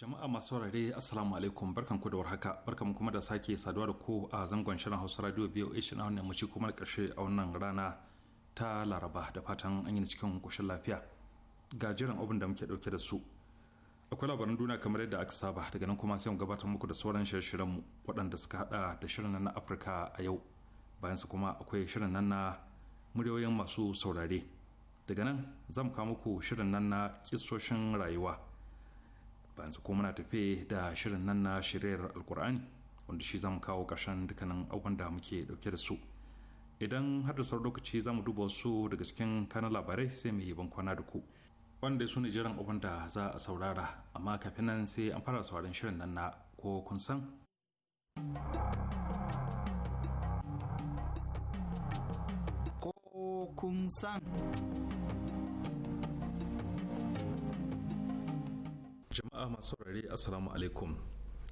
Jama'a masu saurare Assalamu alaikum barkan ku da warhaka barkan kuma da sake saduwa da ku a zangon shirin Hausa Radio VOA shi na wannan mace kuma na karshe a wannan rana ta Laraba da fatan an yi cikin koshin lafiya ga jiran abin da muke dauke da su akwai labaran duniya kamar yadda aka saba daga nan kuma sai mu gabatar muku da sauran shirye-shiryen mu waɗanda suka hada da shirin nan na Afirka a yau bayan su kuma akwai shirin nan na muryoyin masu saurare daga nan za mu kawo muku shirin nan na kisoshin rayuwa bayan ko muna tafe da shirin nan na shiryar alkur'ani wanda shi zamu kawo ƙarshen dukkanin abubuwan da muke dauke da su idan har da sauran lokaci za mu duba wasu daga cikin kanan labarai sai mu yi bankwana da ku wanda su ne jiran abin da za a saurara amma kafin nan sai an fara sauran shirin nan na ko kun san ko kun san jama'a masu rari assalamu alaikum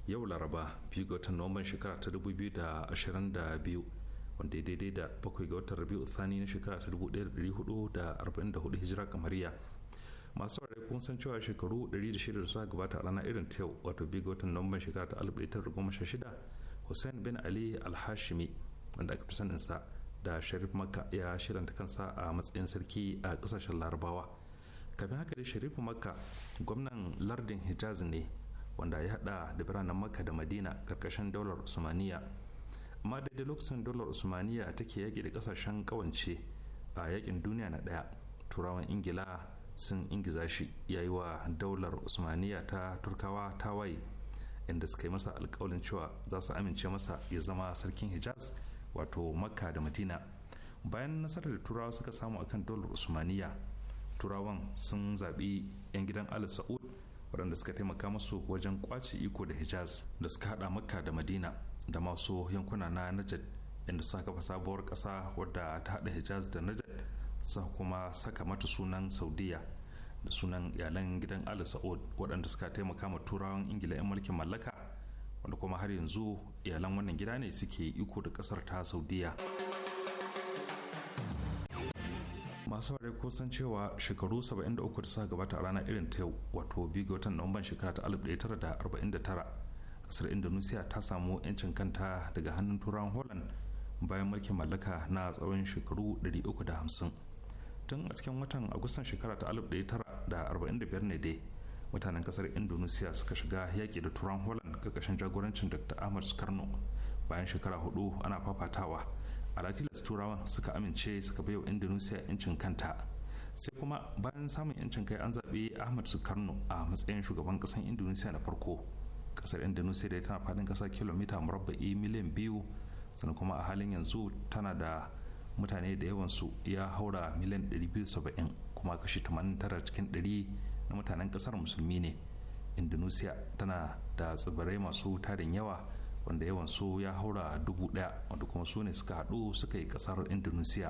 yau laraba biyu ga watan nuwamban shekara ta 2022 wanda daidai da bakwai ga watan rabi'u thani na shekara ta 1444 hijira kamariya masu rari kun san cewa shekaru 106 da suka gabata a ranar irin ta yau wato biyu ga watan nuwamban shekara ta 1916 hussein bin ali alhashimi wanda aka fi saninsa da sharif makka ya shiranta kansa a matsayin sarki a kasashen larabawa kafin haka da sharifu makka gwamnan lardin hijaz ne wanda ya hada da biranen makka da madina karkashin daular usmaniya amma daidai lokacin daular usmaniya take yaki da ƙasashen kawance a yakin duniya na ɗaya turawan ingila sun ingiza shi yayi wa daular usmaniya ta turkawa ta waye inda suka yi masa alkawalin cewa za su amince masa ya zama sarkin hijaz wato makka da madina bayan nasarar da turawa suka samu akan daular usmaniya turawan sun zaɓi 'yan gidan ala sa'ud waɗanda suka taimaka masu wajen kwace iko da hijaz da suka haɗa makka da madina da masu yankuna na najad inda suka kafa sabuwar ƙasa wadda ta haɗa hijaz da najad sa kuma saka mata sunan saudiya da sunan iyalan gidan ala sa'ud waɗanda suka taimaka ma turawan ingila 'yan mulkin mallaka wanda kuma har yanzu iyalan wannan gida ne suke iko da ƙasar ta saudiya masu ware kusan cewa shekaru 73 da suka gabata a ranar irin ta yau wato biyu ga watan nuwamban shekara ta 1949 kasar indonesia ta samu 'yancin kanta daga hannun turawan holland bayan mulkin mallaka na tsawon shekaru 350 tun a cikin watan agustan shekara ta 1945 ne dai mutanen kasar indonesia suka shiga yaƙi da turan holland karkashin jagorancin dr ahmad karno bayan shekara hudu ana fafatawa alatilas turawa suka amince suka baiwa indonesia yancin kanta sai kuma bayan samun yancin kai an zaɓi ahmad karno a matsayin shugaban ƙasar indonesia na farko ƙasar indonesia da tana faɗin ƙasa kilomita murabba'i miliyan biyu sannan kuma a halin yanzu tana da mutane da yawansu ya haura miliyan 270 kuma kashi 89 cikin 100 na mutanen kasar musulmi ne indonesia tana da tsibirai masu tarin yawa wanda yawan su ya haura dubu daya wanda kuma su ne suka haɗu suka yi kasar indonesia.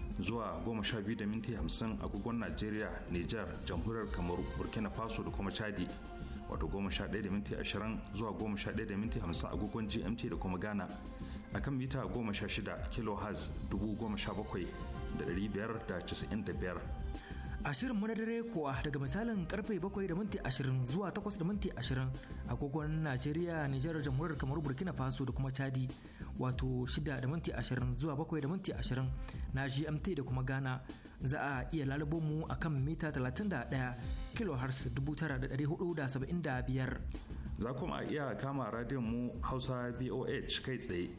zuwa biyu da minti hamsin, agogon Najeriya, Nijar, Jamhuriyar Kamaru, Burkina Faso da kuma Chadi. Wato ɗaya da minti ashirin zuwa ɗaya da minti hamsin, agogon GMT da kuma Ghana. A kan mita 16 kHz 17,595. Ashirin mu na dare kuwa daga misalin karfe bakwai da minti ashirin zuwa takwas da minti ashirin agogon Najeriya, Nijar, Jamhuriyar Kamaru, Burkina Faso da kuma Chadi. wato 6 da minti 20 zuwa 7 da minti 20 na GMT da kuma Ghana za a iya lalubo mu a kan mita 31 kHz 9475. Za kuma a iya kama radiyon mu Hausa BOH kai tsaye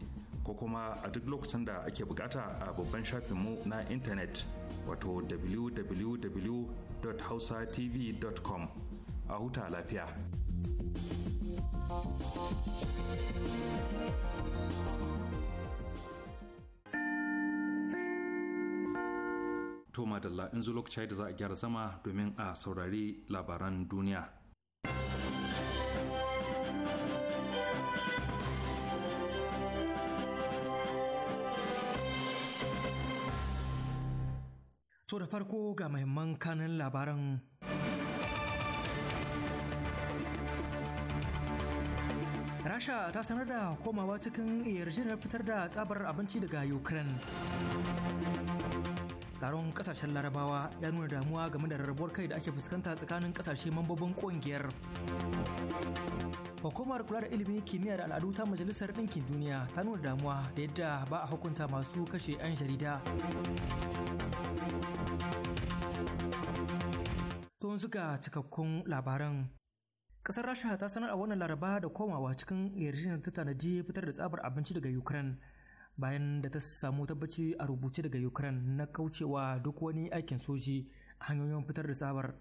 ko kuma a duk lokacin da ake bukata a babban shafinmu na intanet wato www.hausatv.com a huta lafiya. Toma madalla in zo lokaci da za a gyara zama domin a saurari labaran duniya. To da farko ga mahimman kanin labaran. Rasha ta sanar da komawa cikin yarjejeniyar fitar da tsabar abinci daga Ukraine. taron kasashen larabawa ya nuna damuwa game da rarrabuwar kai da ake fuskanta tsakanin kasashe mambobin kungiyar hukumar kula da ilimin kimiyya da al'adu ta majalisar ɗinkin duniya ta nuna damuwa da yadda ba a hukunta masu kashe 'yan jarida don suka cikakkun labaran Ƙasar rasha ta sanar a wannan laraba da komawa cikin yarjejeniyar ta tanadi fitar da tsabar abinci daga ukraine bayan da ta samu tabbaci a rubuce daga ukraine na kaucewa duk wani aikin soji a hanyoyin fitar da tsabar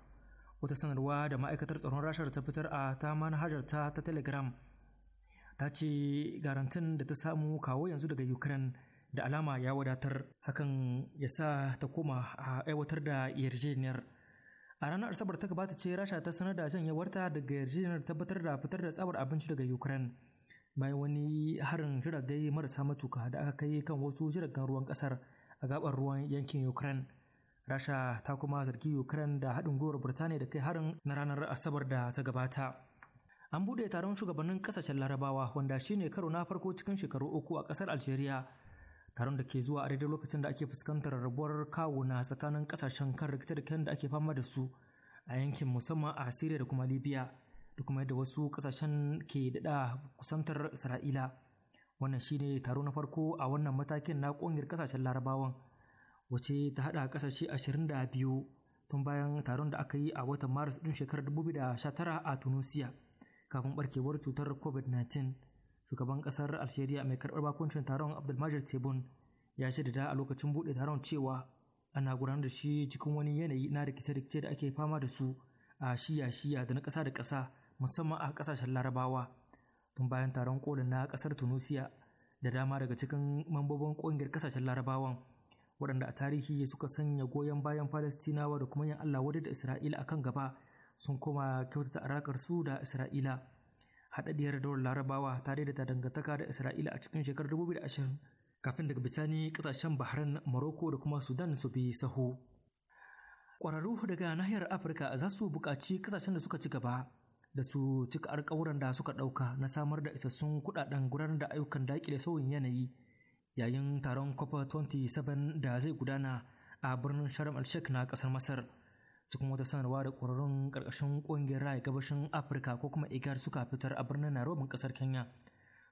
wata sanarwa da ma'aikatar tsaron rashar ta fitar a ta manhajar ta ta telegram ta ce garantin da ta samu kawo yanzu daga ukraine da alama ya wadatar hakan ya sa ta koma a aiwatar da yarjejeniyar a ranar asabar ta gabata ce rasha ta sanar da janyewarta daga yarjejeniyar tabbatar da fitar da tsabar abinci daga ukraine bayan wani harin jiragai marasa matuka da aka kai kan wasu jiragen ruwan kasar a gabar ruwan yankin ukraine rasha ta kuma zargi ukraine da haɗin gwiwar birtaniya da kai harin na ranar asabar da ta gabata an buɗe taron shugabannin ƙasashen larabawa wanda shine karo na farko cikin shekaru uku a ƙasar algeria taron da ke zuwa a daidai lokacin da ake fuskantar rabuwar na tsakanin kasashen kan rikice da da ake fama da su a yankin musamman a Siriya da kuma Libya. da kuma yadda wasu kasashen ke daɗa kusantar isra'ila wannan shine taro na farko a wannan matakin na ƙungiyar kasashen larabawan wace ta haɗa kasashe ashirin da biyu tun bayan taron da aka yi a watan maris ɗin shekarar 2019 a tunisia kafin barkewar cutar covid-19 shugaban ƙasar algeria mai karɓar bakuncin taron abdulmajid tebun ya shaidada a lokacin buɗe taron cewa ana gudanar da shi cikin wani yanayi na rikice-rikice da ake fama da su a shiya-shiya da na ƙasa da ƙasa musamman a kasashen larabawa tun bayan taron kolin na kasar tunisia da dama daga cikin mambobin kungiyar kasashen larabawan waɗanda a tarihi suka sanya goyon bayan falastinawa da kuma 'yan allah wadda da isra'ila akan gaba sun koma kyautata alakar su da isra'ila haɗaɗiyar daular larabawa tare da ta dangantaka da isra'ila a cikin shekarar 2020 kafin daga bisani kasashen bahrain morocco da kuma sudan su bi saho ƙwararru daga nahiyar afirka za su buƙaci kasashen da suka ci gaba da su cika alkawuran da suka ɗauka na samar da isassun kuɗaɗen gudanar da ayyukan daƙile sauyin yanayi yayin taron COP 27 da zai gudana a birnin Sharm el Sheikh na ƙasar Masar. Cikin wata sanarwa da ƙwararrun ƙarƙashin ƙungiyar raya gabashin Afirka ko kuma igar suka fitar a birnin Nairobi ƙasar Kenya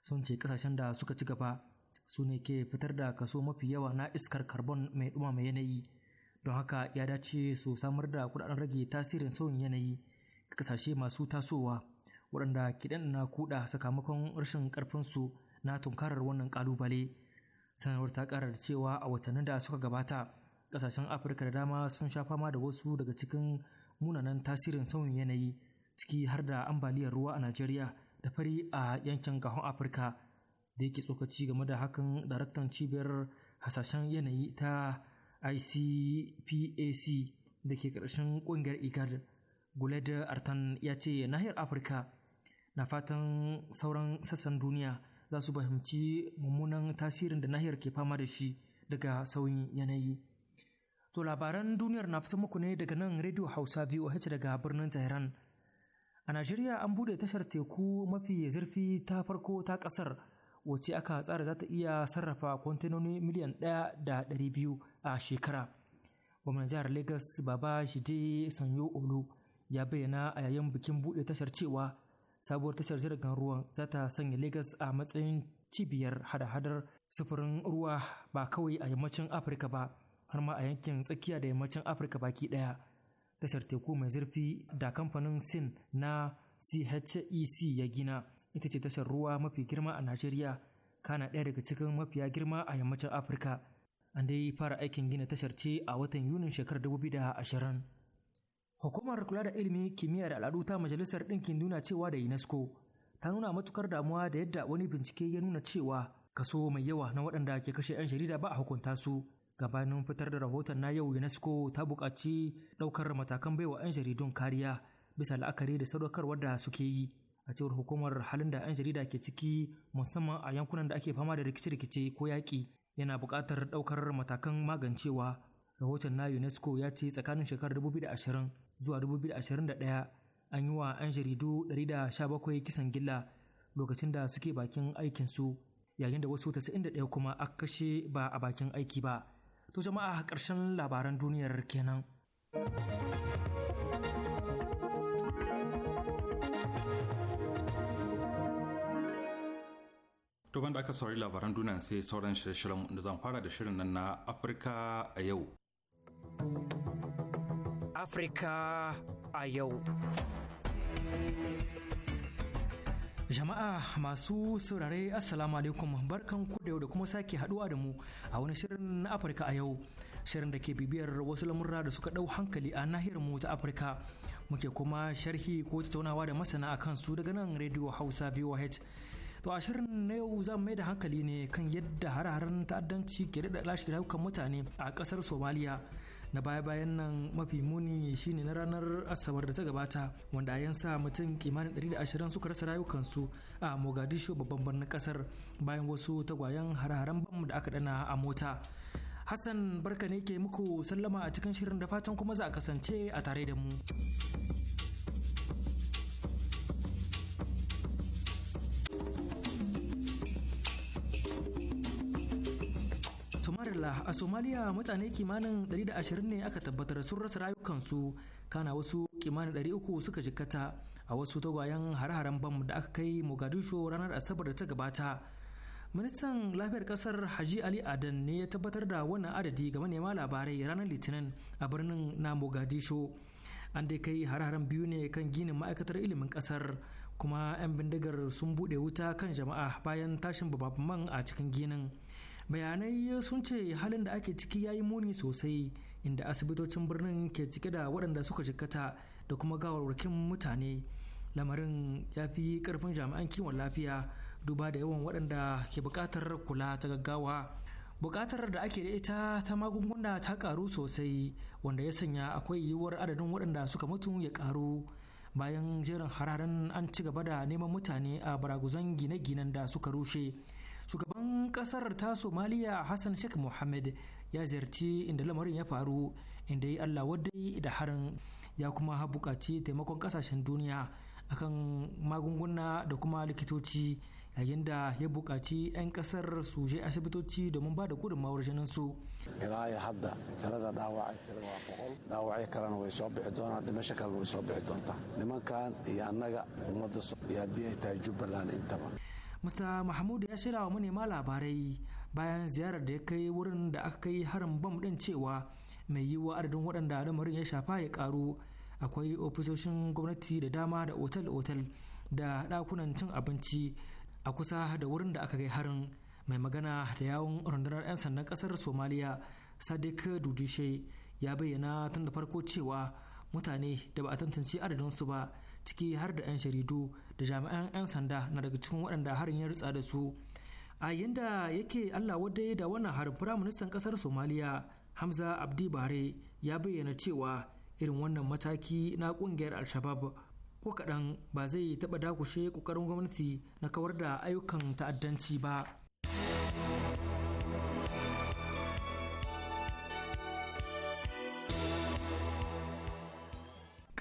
sun ce ƙasashen da suka ci gaba su ne ke fitar da kaso mafi yawa na iskar carbon mai ɗumama yanayi. Don haka ya dace su samar da kuɗaɗen rage tasirin sauyin yanayi kasashe masu tasowa waɗanda kiɗan na kuɗa sakamakon rashin ƙarfinsu na tunkarar wannan ƙalubale sanarwar ta ƙarar cewa a watannin da suka gabata ƙasashen afirka da dama sun sha fama da wasu daga cikin munanan tasirin sauyin yanayi ciki har da ambaliyar ruwa a najeriya da fari a yankin gahon afirka da yake tsokaci game da hakan daraktan cibiyar hasashen yanayi ta icpac da ke ƙarshen ƙungiyar igad da Artan ya ce nahiyar Afirka na fatan sauran sassan duniya za su fahimci mummunan tasirin da nahiyar ke fama da shi daga sauyin yanayi. To labaran duniyar na fita muku ne daga nan Radio Hausa VOH daga birnin Tehran. A Najeriya an buɗe tashar teku mafi zurfi ta farko ta ƙasar wacce aka tsara za ta iya sarrafa kwantenoni miliyan ɗaya da ɗari biyu a shekara. Gwamnan jihar lagos Baba Shide Sanyo Olu ya bayyana a yayin bikin buɗe tashar cewa sabuwar tashar jiragen ruwan za ta sanya Legas a matsayin cibiyar hada-hadar sufurin ruwa ba kawai a yammacin Afirka ba har ma a yankin tsakiya da yammacin Afirka baki ɗaya. Tashar teku mai zurfi da kamfanin Sin na CHEC e ya gina ita ce tashar ruwa mafi girma a Najeriya kana ɗaya daga cikin mafiya girma a yammacin Afirka. An dai fara aikin gina tashar ce a watan Yunin shekarar 2020. Hukumar kula da ilimi kimiyya da al'adu ta Majalisar Ɗinkin Duniya cewa da UNESCO ta nuna matukar damuwa da yadda wani bincike ya nuna cewa kaso mai yawa na waɗanda ke kashe 'yan jarida ba a hukunta su. Gabanin fitar da rahoton na yau UNESCO ta buƙaci ɗaukar matakan baiwa 'yan jaridun kariya bisa la'akari da sadaukarwar da suke yi. A cewar hukumar halin da 'yan jarida ke ciki musamman a yankunan da ake fama da rikice-rikice ko yaƙi yana buƙatar ɗaukar matakan magancewa. Rahoton na UNESCO ya ce tsakanin shekarar 2020 zuwa 2021 an yi wa 'yan jaridu 117 kisan gilla lokacin da suke bakin aikinsu yayin da wasu 91 kuma aka kashe ba a bakin aiki ba. To jama'a karshen labaran duniyar kenan. To da aka sauri labaran duniya sai sauran shirye-shiryen da zan fara da shirin nan na Afirka a yau. Afirka a yau. Jama'a masu saurare Assalamu alaikum barkan ku da yau da kuma sake haduwa da mu a wani shirin na Afirka a yau. Shirin da ke bibiyar wasu lamurra da suka ɗau hankali a nahiyar mu ta Afirka. Muke kuma sharhi ko tattaunawa da masana a kansu daga nan Radio Hausa VOH. To a shirin na yau za mu mai da hankali ne kan yadda hare-haren ta'addanci ke daɗa lashe rayukan mutane a ƙasar Somaliya. na baya-bayan nan mafi muni shine na ranar asabar da ta gabata wanda a sa mutum kimanin 120 suka rasa rayukansu a mogadishu babban birnin kasar bayan wasu tagwayen hare-haren bam da aka dana a mota hassan barka ne ke muku sallama a cikin shirin da fatan kuma za a kasance a tare da mu. Allah a somalia mutane kimanin 120 ne aka tabbatar sun rasa rayukansu kana wasu kimanin 300 suka jikkata a wasu tagwayen har-haren bam da aka kai mogadishu ranar asabar da ta gabata ministan lafiyar kasar haji ali adan ne ya tabbatar da wannan adadi ga manema labarai ranar litinin a birnin na mogadishu an dai kai har-haren biyu ne kan ginin ma'aikatar ilimin kasar kuma 'yan bindigar sun buɗe wuta kan jama'a bayan tashin man a cikin ginin bayanai sun ce halin da ake ciki ya yi muni sosai inda asibitocin birnin ke cike da waɗanda suka jikkata da kuma gawarwakin mutane lamarin ya fi karfin jami'an kiwon lafiya duba da yawan waɗanda ke buƙatar kula ta gaggawa buƙatar da ake da ita ta magunguna ta ƙaru sosai wanda ya sanya akwai yiwuwar adadin waɗanda suka mutu ya ƙaru bayan jerin hararen an ci gaba da neman mutane a baraguzan gine-ginen da suka rushe shugaban kasar ta somaliya hassan sheikh mohammed ya ziyarci inda lamarin ya faru inda ya allah wadai da harin ya kuma buƙaci taimakon kasashen duniya akan magunguna da kuma likitoci yayin da ya buƙaci 'yan kasar su je asibitoci domin ba da gudunmawar jinin su. ilaa iyo hadda dawa'a dhaawacay da waa dawa'a dhaawacyo kalena way soo bixi doonaan dhimasho kalena way soo bixi doontaa nimankan iyo annaga ummadda iyo haddii ay tahay intaba mr mahmud ya shirya wa manema labarai bayan ziyarar da ya kai wurin da aka kai harin bam din cewa mai yiwuwa adadin waɗanda lamarin ya shafa ya karu akwai ofisoshin gwamnati da dama da otal-otal da ɗakunan cin abinci a kusa da wurin da aka kai harin mai magana da yawon rundunar 'yan sandan ƙasar somaliya sadiq dudishe ya bayyana tun da farko cewa mutane da ba a tantance adadinsu ba ciki har da 'yan sharidu da jami'an 'yan sanda na daga cikin waɗanda harin ya ritsa da su a yadda yake allah wadai da wannan harin firaministan ƙasar somaliya hamza abdi bare ya bayyana cewa irin wannan mataki na ƙungiyar al-shabab ko kaɗan ba zai taɓa dakushe ƙoƙarin gwamnati na kawar da ayyukan ta'addanci ba.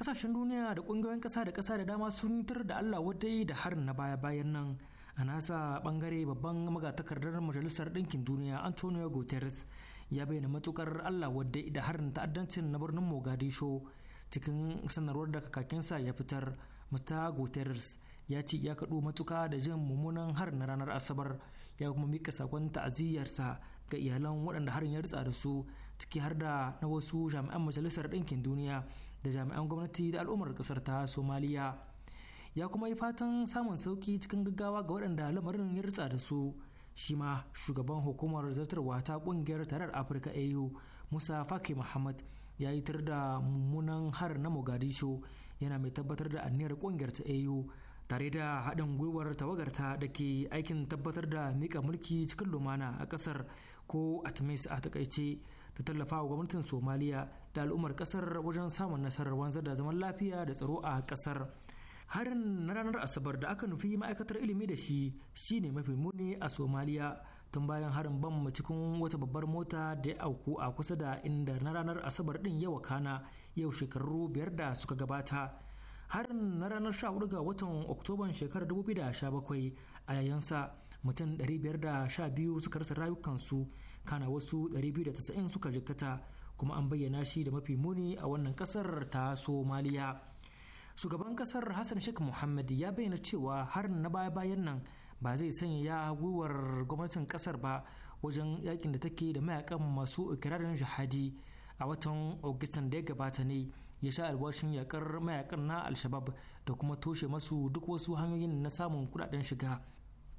kasashen duniya da kungiyoyin kasa da kasa da dama sun tar da allah wadai da harin na baya-bayan nan a nasa bangare babban magatakardar majalisar ɗinkin duniya antonio guterres ya bayyana matukar allah wadai da harin ta'addancin na birnin mogadisho cikin sanarwar da kakakinsa ya fitar musta guterres ya ce ya kaɗo matuka da jin mummunan harin na ranar asabar ya kuma mika sakon ta'aziyyarsa ga iyalan waɗanda harin ya ritsa da su ciki har da na wasu jami'an majalisar ɗinkin duniya da jami'an gwamnati da al'ummar kasar ta somaliya ya kuma yi fatan samun sauki cikin gaggawa ga waɗanda lamarin ya ritsa da su shi ma shugaban hukumar zartarwa ta ƙungiyar tarar afirka au musa faki muhammad ya yi tar da mummunan har na mogadisho yana mai tabbatar da anniyar ƙungiyar ta au tare da haɗin gwiwar tawagarta da ke aikin tabbatar da mika mulki cikin lumana a ƙasar ko atmis a takaice ta tallafa wa gwamnatin somaliya da al'ummar kasar wajen samun nasarar wanzar da zaman lafiya da tsaro a kasar harin na ranar asabar da aka nufi ma'aikatar ilimi da shi shine mafi muni a somaliya tun bayan harin bam cikin wata babbar mota da ya auku a kusa da inda na ranar asabar din ya wakana yau shekaru biyar da suka gabata harin na ranar 14 ga watan oktoban shekarar 2017 a yayansa mutum 512 suka rasa rayukansu kana wasu 290 suka jikkata kuma an bayyana shi da mafi muni a wannan kasar ta somaliya shugaban kasar hassan sheikh muhammad ya bayyana cewa har na baya-bayan nan ba zai sanya ya gwiwar gwamnatin kasar ba wajen yakin da take da mayakan masu ikirarin jihadi a watan augustan da ya gabata ne ya sha albashin yakar mayakan na alshabab da kuma toshe masu duk wasu hanyoyin na samun kudaden shiga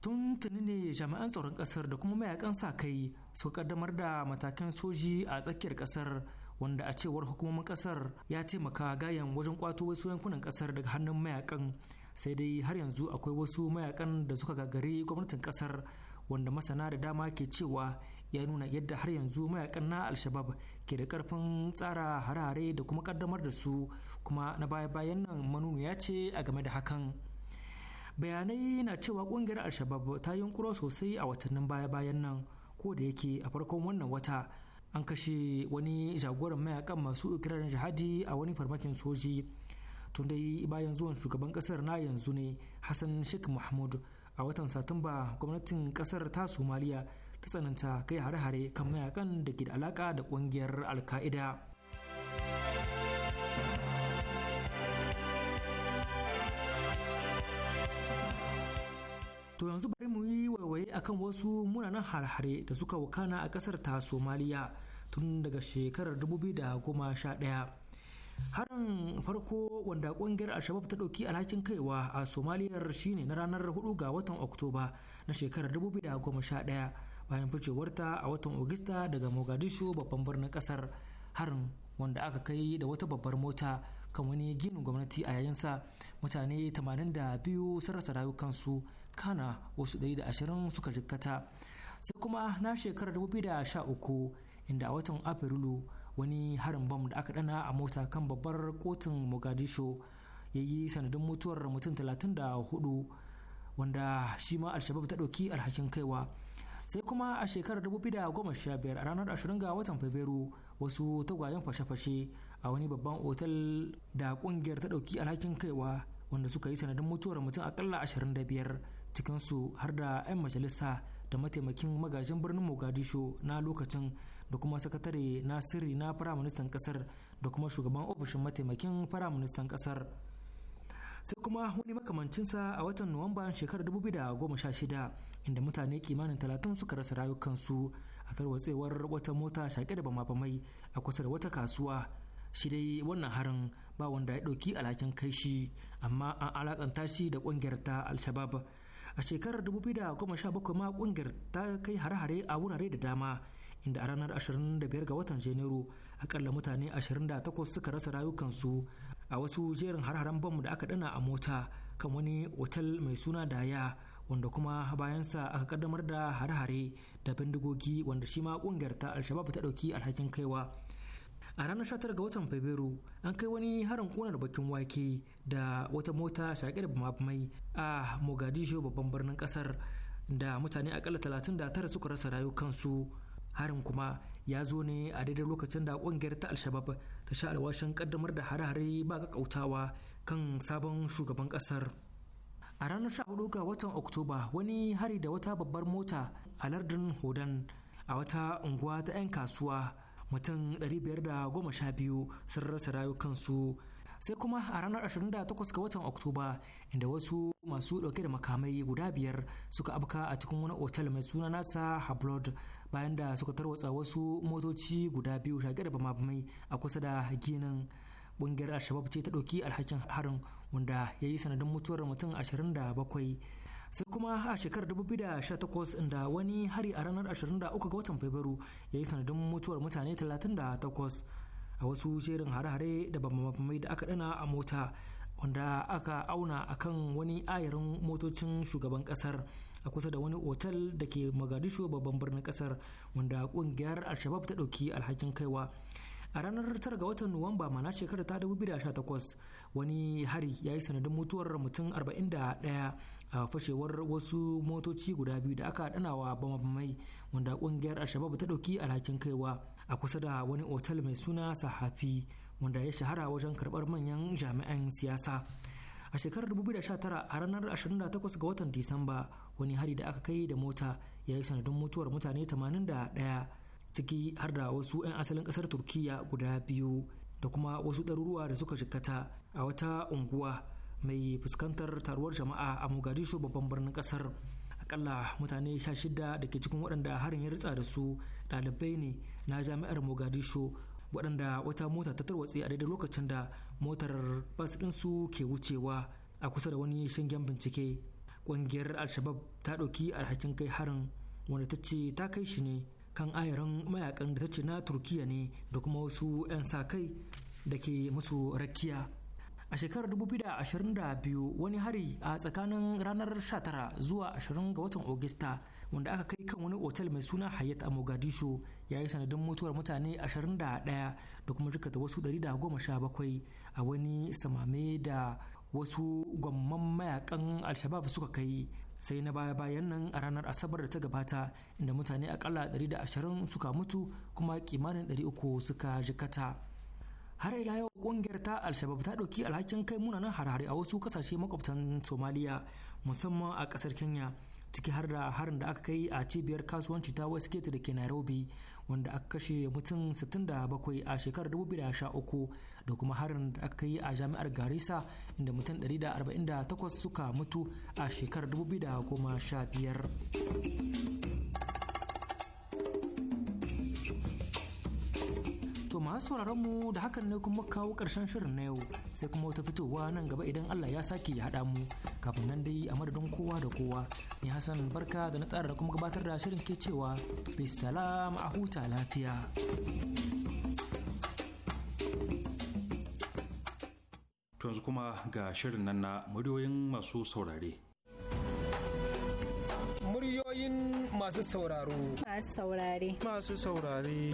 tun tuni ne jami'an tsaron kasar da kuma mayakan sa kai su kaddamar da matakan soji a tsakiyar kasar wanda a cewar hukumomin kasar ya taimaka gayan wajen kwato wasu yankunan kasar daga hannun mayakan sai dai har yanzu akwai wasu mayakan da suka gagari gwamnatin kasar wanda masana da dama ke cewa ya nuna yadda har yanzu mayakan na alshabab ke da karfin tsara harare da kuma kaddamar da su kuma na baya-bayan nan ya ce a game da hakan bayanai na cewa kungiyar alshabab ta yunkuro sosai a watannin baya-bayan nan ko da yake a farkon wannan wata an kashe wani jagoran mayakan masu ikirarin jihadi a wani farmakin soji tun dai bayan zuwan shugaban kasar na yanzu ne hassan sheikh mahmud a watan satumba gwamnatin kasar ta somaliya ta tsananta kai hare-hare kan mayakan da ke da alaka da kungiyar alka'ida To yanzu bari mu yi waiwaye akan wasu munanan harhare da suka wakana a kasar ta Somaliya tun daga shekarar 2011. Harin farko wanda kungiyar Alshabab ta ɗauki alhakin kaiwa a somaliya shine na ranar 4 ga watan Oktoba na shekarar 2011 bayan ficewarta a watan Ogista daga Mogadishu babban birnin kasar harin wanda aka kai da wata babbar mota kan wani ginin gwamnati a yayinsa mutane 82 sun rasa rayukansu kana wasu 120 suka jikkata sai kuma na shekarar 2013 inda a watan afrilu wani harin bam da aka dana a mota kan babbar kotun mogadisho ya yi sanadin mutuwar mutum 34 wanda shi ma alshabab ta ɗauki alhakin kaiwa sai kuma a shekarar 2015 a ranar 20 ga watan fabrairu wasu tagwayen fashe-fashe a wani babban otal da kungiyar ta ɗauki alhakin kaiwa wanda suka yi sanadin mutuwar mutum akalla 25 cikinsu har da 'yan majalisa da mataimakin magajin birnin mogadishu na lokacin da kuma sakatare na sirri na firaministan kasar da kuma shugaban ofishin mataimakin firaministan kasar sai kuma wani makamancinsa a watan nuwamba shekarar 2016 inda mutane kimanin 30 suka rasa rayukansu a tarwatsewar wata mota shaƙe da bama a kusa da wata kasuwa shi dai wannan harin ba wanda ya ɗauki alhakin kai shi amma an alakanta shi da ƙungiyar ta al-shabab a shekarar 2017 ma kungiyar ta kai hare-hare a wurare da dama inda a ranar 25 ga watan janairu akalla mutane 28 suka rasa rayukansu a wasu jerin hare haren bom da aka dana a mota kan wani otal mai suna daya wanda kuma bayansa aka kaddamar da hare-hare da bindigogi wanda shi ma kungiyar ta alshabab ta dauki alhakin kaiwa a ranar 19 ga watan fabrairu an kai wani harin kunar bakin wake da wata mota shaƙe da mai a mogadishu babban birnin ƙasar da mutane akalla tara suka rasa su harin kuma ya zo ne a daidai lokacin da ƙungiyar ta alshabab ta sha alwashin kaddamar da hare-hare ba kautawa kan sabon shugaban kasar. a ranar 14 ga watan oktoba wani hari da wata babbar mota a lardin hodan a wata unguwa ta 'yan kasuwa mutum 512 sun rasa rayukansu sai kuma a ranar 28 ga watan oktoba inda wasu masu dauke da makamai guda biyar suka abka a cikin wani otal mai suna nasa hablod bayan da suka tarwatsa wasu motoci guda biyu shage da bamabamai a kusa da ginin ƙungiyar alshabab ce ta ɗauki alhakin harin wanda ya yi sanadin mutuwar mutum 27 sai kuma a shekarar 2018 inda wani hari a ranar 23 ga watan fabaru ya yi sanadin mutuwar mutane 38 a wasu jerin hare-hare da bambamai da aka dana a mota wanda aka auna a kan wani ayarin motocin shugaban kasar a kusa da wani otal da ke magadisho babban birnin kasar wanda kungiyar alshabab ta ɗauki alhakin kaiwa a ranar 9 ga watan nuwamba mana shekarar ta 2018 wani hari ya yi sanadin mutuwar mutum 41 a fashewar wasu motoci guda biyu da aka danawa bamai wanda kungiyar alshabab ta dauki alhakin kaiwa a kusa da wani otal mai suna sahafi wanda ya shahara wajen karbar manyan jami'an siyasa a shekarar 2019 a ranar 28 ga watan disamba wani hari da aka kai da mota ya yi sanadin mutuwar mutane 81 ciki har da wasu 'yan asalin kasar turkiya guda biyu da kuma wasu ɗaruruwa da suka jikkata a wata unguwa mai fuskantar taruwar jama'a a mogadishu babban birnin kasar akalla mutane 16 da ke cikin waɗanda harin ya ritsa da su ɗalibai ne na jami'ar mogadishu waɗanda wata mota ta tarwatse a daidai lokacin da motar bas ɗinsu ke wucewa a kusa da wani shingen bincike ƙungiyar al-shabab ta ɗauki alhakin kai harin wanda ta ce ta kai shi ne kan ayaran mayakan da ta ce na turkiya ne da kuma wasu 'yan sa kai da ke musu rakiya a shekarar 2022 wani hari a tsakanin ranar 19 zuwa 20 ga watan Ogista wanda aka kai kan wani otal mai suna Hayat a Mogadishu ya yi sanadin mutuwar mutane 21 da kuma jikata wasu 117 a wani samame da wasu gwamman mayakan alshabab suka kai sai na baya-bayan nan a ranar asabar da ta gabata inda mutane akalla 120 suka mutu kuma kimanin 300 suka jikata. har ila yau kungiyar ta alshabab ta ɗauki alhakin kai munanan harhare a wasu kasashe makwabtan somaliya musamman a kasar kenya ciki har da harin da aka kai a cibiyar kasuwanci ta westgate da ke nairobi wanda aka kashe mutum 67 a shekarar 2013 da kuma harin da aka kai a jami'ar garissa inda mutum 148 suka mutu a shekarar 2015 masu mu da hakan ne kuma kawo karshen shirin na yau sai kuma wata fitowa nan gaba idan Allah ya sake ya haɗa mu kafin nan dai a madadin kowa da kowa ni Hassan barka da na tsara da kuma gabatar da shirin ke cewa bisalam a huta lafiya. To yanzu kuma ga shirin nan na muryoyin masu saurare. Muryoyin masu sauraro. Masu saurare. Masu saurare.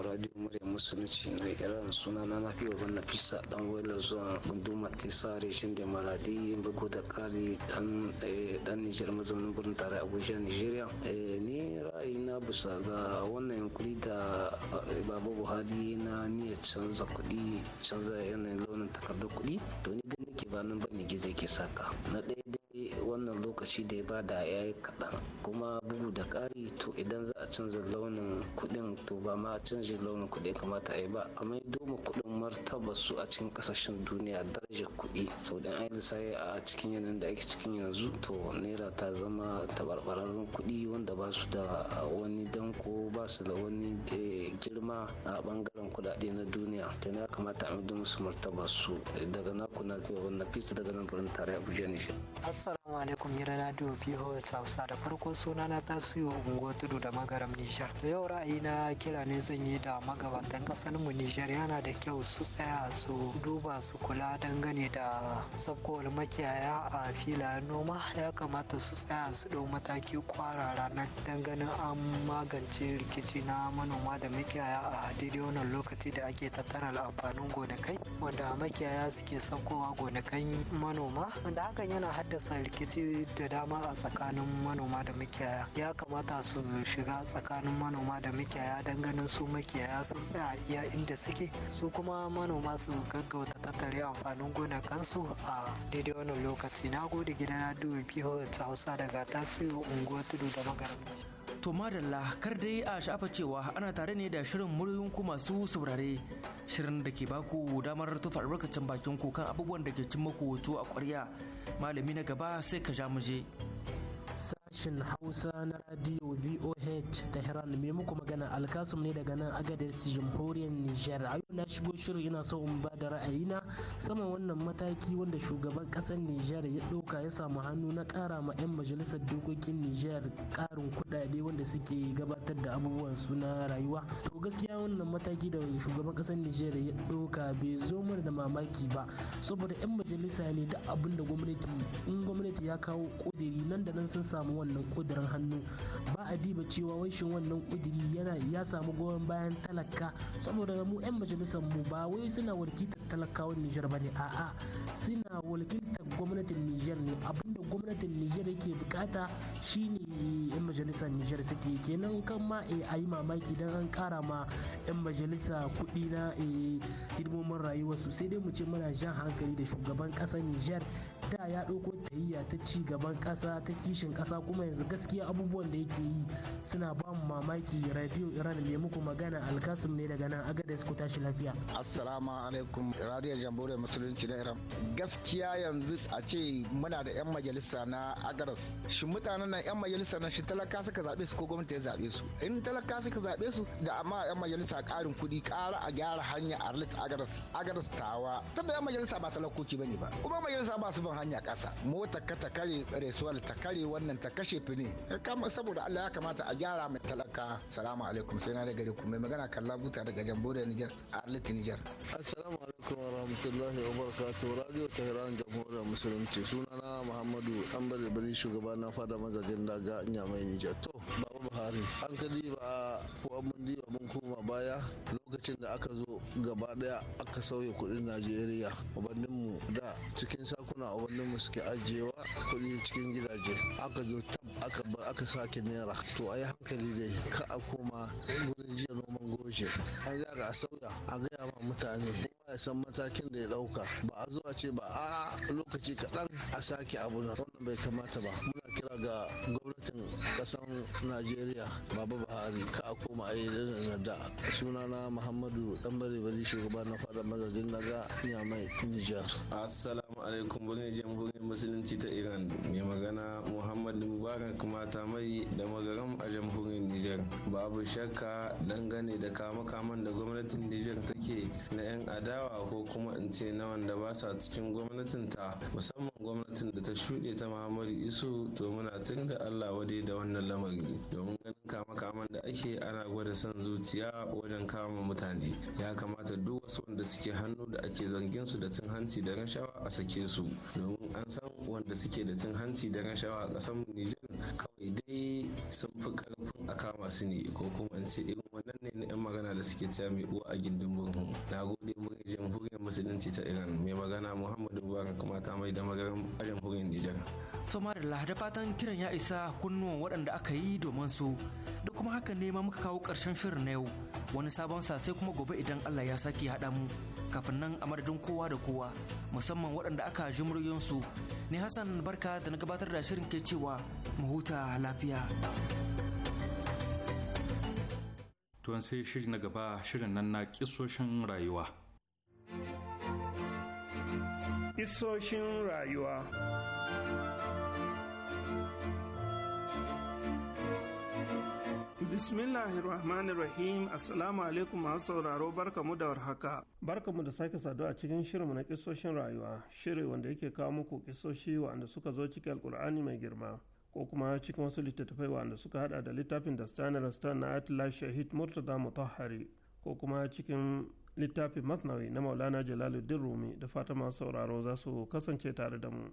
radio murya musulunci mai iran suna na na fiye wannan fisa dan wayar zuwa gunduma tsari reshen da maradi bugu da kari dan eh, nijar mazaunin birnin tare abuja nigeria eh, ni na bisa ga wannan yankuri da eh, babu buhari na niyyar canza kuɗi canza yanayin launin takardar kuɗi to ni ganin ke ba nan ba ne gizo ke saka na ɗaya Eh, wannan lokaci da ya bada ya yi kaɗan kuma bugu da ƙari to idan za a canza launin kuɗin to ba ma canji launin kuɗi kamata a yi ba a mai doma kuɗin martaba su a cikin ƙasashen duniya darajar kuɗi sau da an yi a cikin yanayin da ake cikin yanzu to naira ta zama tabarbararren kuɗi wanda ba su da wani danko ba su da wani eh, girma a ɓangaren kuɗaɗe na duniya to ya kamata a mai musu su martaba su daga na kuna na fisa daga nan birnin tare abuja ne Gracias. Assalamu alaikum yi radio POH Hausa da farko suna na tasiyo unguwar tudu da magaram Nijar. Da yau ra'ayina kira ne zan yi da magabatan kasar mu Nijar yana da kyau su tsaya su duba su kula dangane da sabkowar makiyaya a filayen noma ya kamata su tsaya su ɗau mataki kwara ranar dangane an magance rikici na manoma da makiyaya a daidai wannan lokaci da ake tattara amfanin gonakai wanda makiyaya suke sabkowa gonakan manoma wanda hakan yana haddasa rikici rikici da dama a tsakanin manoma da makiyaya ya kamata su shiga tsakanin manoma da makiyaya don ganin su makiyaya sun tsaya iya inda suke su kuma manoma su gaggauta tattare amfanin gona kansu a daidai wannan lokaci na gode gidan radio biyu ta hausa daga tasiri unguwar tudu da magaram To madalla kar dai a sha'afa cewa ana tare ne da shirin muryoyin masu saurare shirin da ke baku damar tufa albarkacin bakin ku kan abubuwan da ke cin maku wato a ƙwarya malami na gaba sai ka ja muje. sashen Hausa na Radio VOH Tehran mai muku magana Alkasum ne daga nan agadis Jamhuriyar Nijar. A yau na shigo shirin ina so in ba da ra'ayina saman wannan mataki wanda shugaban kasar Nijar ya ɗauka ya samu hannu na ƙara ma 'yan majalisar dokokin Nijar ƙarin kuɗaɗe wanda suke gabatar da abubuwan su na rayuwa. To gaskiya wannan mataki da shugaban kasar Nijar ya ɗauka bai zo mana da mamaki ba saboda 'yan majalisa ne duk abin da gwamnati in gwamnati ya kawo ƙudiri nan da nan sun samu wannan kudirin hannu ba a diba cewa wai wannan kudiri yana ya samu goyon bayan talaka saboda mu 'yan majalisar mu ba wai suna walkitar talakawan Nijar ba ne a'a suna walkitar gwamnatin Nijar ne abinda gwamnatin Nijar yake bukata shine 'yan majalisar Nijar suke kenan kan ma eh, a yi mamaki don an kara ma 'yan majalisa kuɗi na eh, hidimomin rayuwarsu sai dai mu ce mana jan hankali da shugaban ƙasar Nijar da ya ɗauko tayayya ta ci gaban ƙasa ta kishin ƙasa kuma yanzu gaskiya abubuwan da yake yi suna ba mu mamaki radio iran mai muku magana alkasim ne daga nan agadez ku tashi lafiya assalamu alaikum radio jamhuriyar musulunci na iran gaskiya yanzu a ce muna da yan majalisa na agaras shi mutanen nan yan majalisa na shi talaka suka zaɓe su ko gwamnati ya zaɓe su in talaka suka zaɓe su da amma yan majalisa ƙarin kuɗi ƙara a gyara hanya a lit agaras agaras tawa tunda yan majalisa ba talakoki bane ba kuma majalisa ba su bin hanya ƙasa mota ka ta kare resuwal ta kare wannan ta kashe fini saboda Allah ya kamata a gyara mai talaka salamu alaikum sai na gare ku mai magana kalla buta daga jamhuriyar Nijar a Arliti Nijar assalamu alaikum wa rahmatullahi wa barakatu radio hiran jamhuriyar musulunci sunana Muhammadu dan bari shugaba na fada mazajen daga mai Nijar to Babu Buhari an ka ba ko mun diba mun koma baya lokacin da aka zo gaba daya aka sauya kudin Najeriya mu da cikin sakuna mu suke ajiyewa kudi cikin gidaje aka zo aka bar aka sake naira to a yi hankali dai ka a koma wurin jiya noman goje an zaga a sauya a gaya ma mutane a san matakin da ya ɗauka ba a zuwa ce ba a lokaci kaɗan a sake abu na wannan bai kamata ba muna kira ga gwamnatin ƙasar najeriya baba buhari ka a koma a yi da sunana muhammadu dan bari shugaba na fada mazajin naga nyamai nijar assalamu alaikum bane jamhuriyar musulunci ta iran mai magana muhammadu mubarak mata mai da magaram a jamhuriyar nijar babu shakka dangane da kama-kaman da gwamnatin nijar take na 'yan adawa yawa ko kuma in ce na wanda ba sa cikin gwamnatin ta musamman gwamnatin da ta shuɗe ta muhammadu isu to muna tun da allah wade da wannan lamari domin ganin kama kaman da ake ana gwada son zuciya wajen kama mutane ya kamata duk wasu wanda suke hannu da ake zargin su da cin hanci da rashawa a sake su domin an san wanda suke da cin hanci da rashawa a ƙasar nijar kawai dai sun fi karfin a kama su ne ko kuma in ce irin ne na 'yan magana da suke cewa mai uwa a gindin murhu na gode murin jamhuriyar musulunci ta iran mai magana muhammadu buhari kuma ta mai da magana a jamhuriyar nijar to marilla da fatan kiran ya isa kunnuwan waɗanda aka yi domin su da kuma haka ne ma muka kawo ƙarshen shirin na yau wani sabon sa sai kuma gobe idan allah ya sake haɗa mu kafin nan a madadin kowa da kowa musamman waɗanda aka ji muryoyinsu ne hassan barka da na gabatar da shirin ke cewa mu huta lafiya. an sai shiri na gaba shirin nan na kisoshin rayuwa kisoshin rayuwa Bismillahir Rahmanir Rahim Assalamu alaikum masu sauraro barkamu da warhaka. Barkamu da sake saduwa a cikin shirinmu na kisoshin rayuwa, shiri wanda yake kawo muku kisoshi wanda suka zo cikin Alkur'ani mai girma, ko kuma cikin wasu littattafai wanda suka hada da littafin da stan rastan na atila shahid murtaza mutahari ko kuma cikin littafin masnawi na maulana jalaluddin rumi da fata masu sauraro za su kasance tare da mu.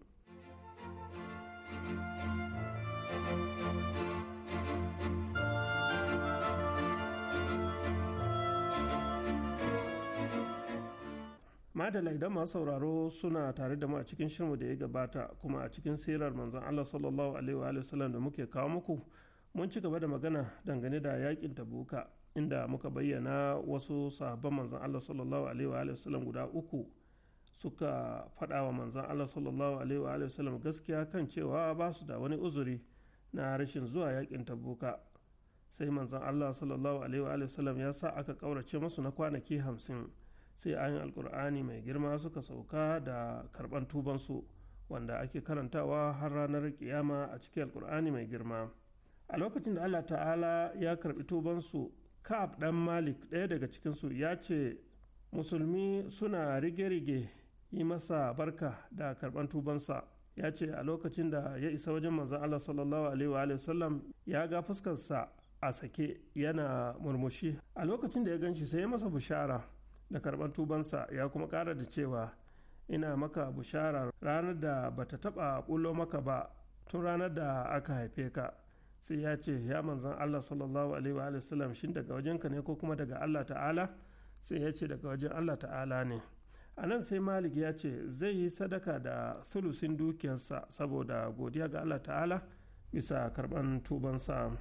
madala idan masu sauraro suna tare da mu a cikin shirmu da ya gabata kuma a cikin sirar manzon Allah sallallahu alaihi wa sallam da muke kawo muku mun ci gaba da magana dangane da yakin tabuka inda muka bayyana wasu sahabban manzon Allah sallallahu alaihi wa sallam guda uku suka faɗa wa manzon Allah sallallahu alaihi wa sallam gaskiya kan cewa ba su da wani uzuri na rashin zuwa yakin tabuka sai manzon Allah sallallahu alaihi wa sallam ya sa aka kaurace musu na kwanaki hamsin sai ayin alkur'ani mai girma suka sauka da karban tubansu wanda ake karantawa har ranar kiyama a cikin alkur'ani mai girma a lokacin da allah ta'ala ya karbi tubansu ka'ab dan malik ɗaya daga cikinsu ya ce musulmi suna rige-rige yi masa barka da karban tubansa ya ce a lokacin da ya isa wajen manzan allah sallallahu alaihi wa ya ga fuskarsa a sake yana murmushi a lokacin da ya ganshi sai ya masa bishara da karban tubansa ya kuma ƙara da cewa ina maka bushara ranar da ba ta taɓa bulo maka ba tun ranar da aka haife ka sai ya ce ya manzan Allah sallallahu alaihi wa sallam shin daga wajenka ne ko kuma daga Allah ta'ala sai ya ce daga wajen Allah ta'ala ne a nan sai malik ya ce zai yi sadaka da thulusin dukiyarsa saboda godiya ga Allah ta'ala bisa karban tubansa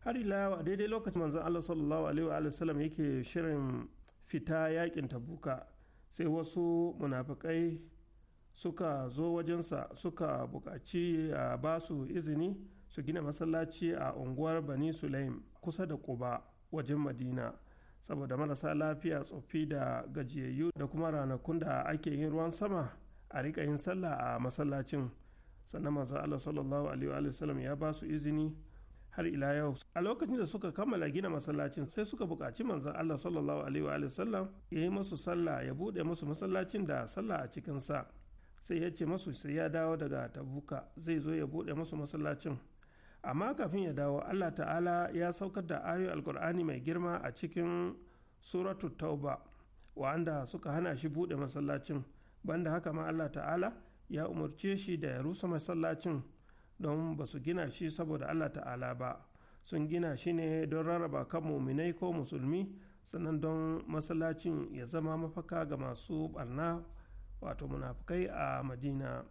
har ila daidai lokacin manzan Allah sallallahu alaihi wa sallam yake shirin fita yakin tabuka sai wasu munafikai suka zo wajensa suka buƙaci a basu izini su gina masallaci a unguwar bani sulaim kusa da kuba wajen madina saboda marasa lafiya tsoffi da gajiyayyu da kuma ranakun da ake yin ruwan sama a riƙa yin sallah a masallacin sannan manzo Allah sallallahu alaihi wa sallam ya ba su izini har ila yau a lokacin da suka kammala gina masallacin sai suka buƙaci manzon Allah sallallahu alaihi wa sallam ya yi musu sallah ya buɗe musu masallacin da sallah a cikin sa sai ya ce masu sai ya dawo daga tabuka zai zo ya buɗe musu masallacin amma kafin ya dawo Allah ta'ala ya saukar da ayoyi alkur'ani mai girma a cikin suratu tauba wanda suka hana shi buɗe masallacin banda haka ma Allah ta'ala ya umarce shi da ya rusa masallacin don ba su gina shi saboda allah ta'ala ba sun gina shi ne don rarraba kan muminai ko musulmi sannan don masallacin ya zama mafaka ga masu barna wato munafukai a madina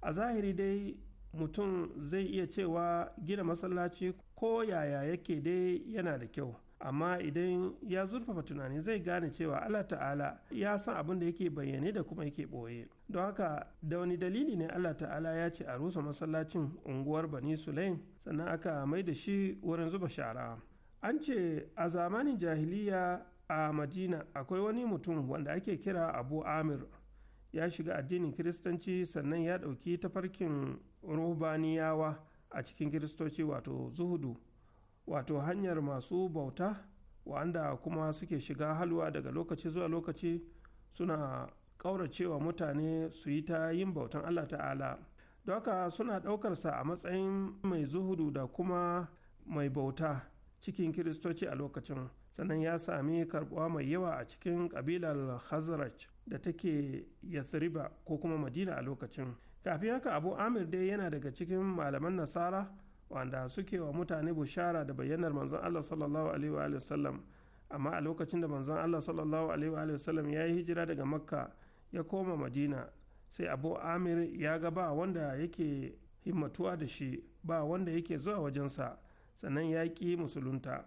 a zahiri dai mutum zai iya cewa gina masallaci ko yaya yake dai yana da kyau amma idan ya zurfafa tunani zai gane cewa Allah ta'ala ya san abin da yake bayyane da kuma yake ɓoye don haka da wani dalili ne Allah ta'ala ya ce a rusa masallacin unguwar bani sulaim sannan aka mai da shi wurin zuba shara an ce a zamanin jahiliya a madina akwai wani mutum wanda ake kira abu amir ya shiga addinin kiristanci sannan ya ɗauki tafarkin ruhbaniyawa a cikin kiristoci wato zuhudu wato hanyar masu bauta wa'anda kuma suke shiga halwa daga lokaci zuwa lokaci suna ƙauracewa mutane su yi ta yin bautan allah ta'ala haka suna ɗaukarsa a matsayin mai zuhudu da kuma mai bauta cikin kiristoci a lokacin sannan ya sami karbuwa mai yawa a cikin ƙabilar hazraj da take yathriba ko kuma madina a lokacin kafin haka abu amir dai yana daga cikin malaman nasara wanda suke wa mutane bushara da bayyanar manzon Allah sallallahu alaihi wa wasallam amma a lokacin da manzon Allah sallallahu alaihi wa ya yi hijira daga makka ya koma madina sai abu amir ya ga ba wanda yake himmatuwa da shi ba wanda yake zuwa wajensa sannan ya ƙi musulunta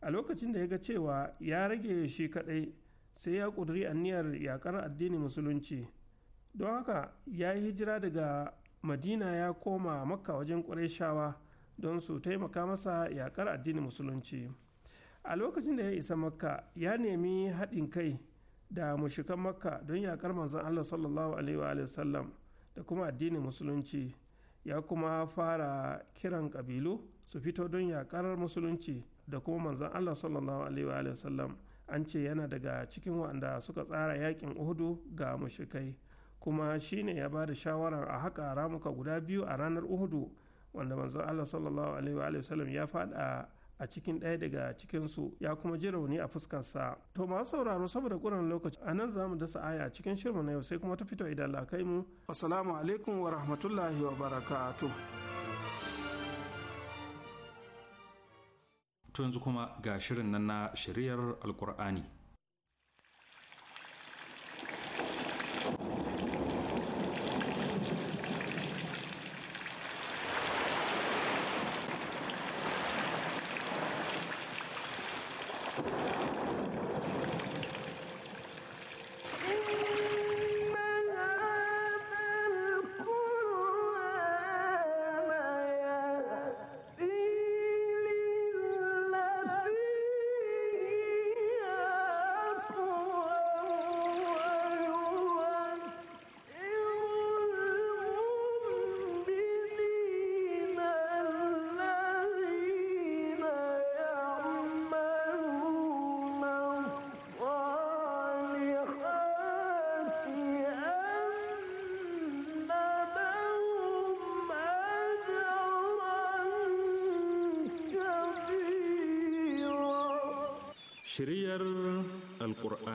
a lokacin da ya ga cewa ya rage shi kadai sai ya ƙuduri aniyar yaƙar addinin musulunci don haka ya yi hijira daga madina ya koma makka wajen ƙureshawa don su taimaka masa yakar addinin musulunci a lokacin da ya isa makka ya nemi haɗin kai da mushikan makka don yakar manzon allah sallallahu alaihi wa da kuma addinin musulunci ya kuma fara kiran kabilu su fito don yakar musulunci da kuma manzon allah sallallahu alaihi wa an ce yana daga cikin waɗanda suka tsara yakin uhudu ga mushikai kuma shine ya ba da shawarar a haƙa ramuka guda biyu a ranar uhudu wanda manzon Allah sallallahu alaihi wa sallam ya faɗa a cikin ɗaya daga cikinsu ya kuma ji rauni a fuskarsa. To masu sauraro saboda ƙuran lokaci a nan za mu dasa aya cikin shirmu na yau sai kuma ta fito idan la kai mu. Assalamu alaikum wa rahmatullahi wa barakatu. To yanzu kuma ga shirin nan na shiriyar Alƙur'ani.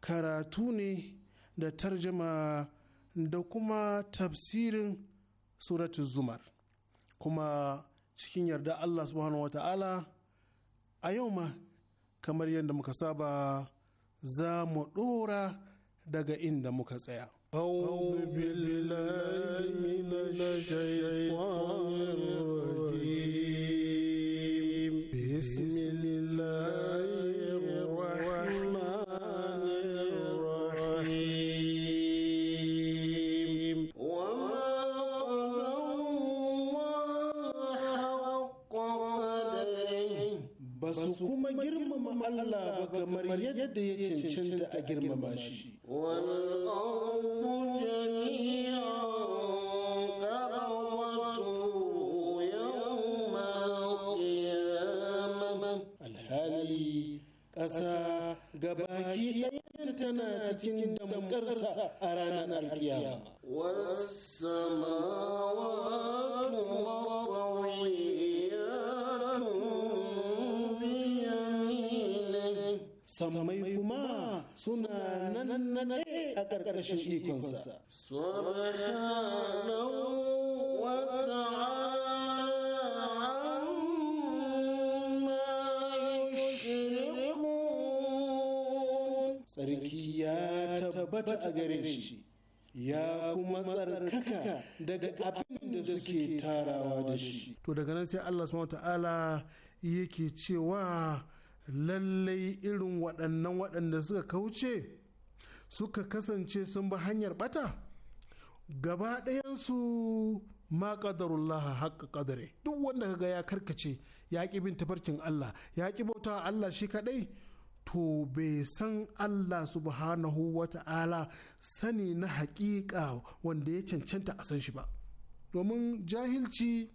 karatu ne da tarjama da kuma tafsirin suratu zumar kuma cikin yarda Allah subhanahu wa ta'ala a yau ma kamar yadda muka saba za mu ɗora daga inda muka tsaya. أعوذ بسم الله Allah ba kamar yadda ya cancanta a girmama shi. Alhali ƙasa gabaki ɗaya tana cikin damƙarsa a ranar alkiyama. Wasu samawa sammai kuma suna nan nan a ƙarƙashin ikonsa. Tsarki ya tabbata a gare shi, ya kuma tsarkaka daga abin da suke tarawa da shi. To daga nan sai Allah subhanahu wa ta'ala yake cewa lallai irin waɗannan waɗanda suka kauce suka kasance sun bi hanyar ɓata gaba ɗayansu ma ƙadarullah haƙƙa ƙadare duk wanda kaga ya karkace ya ƙi bin tafarkin Allah ya ƙi bauta Allah shi kaɗai to bai san Allah subhanahu wa ta'ala sani na haƙiƙa wanda ya cancanta a san shi ba domin jahilci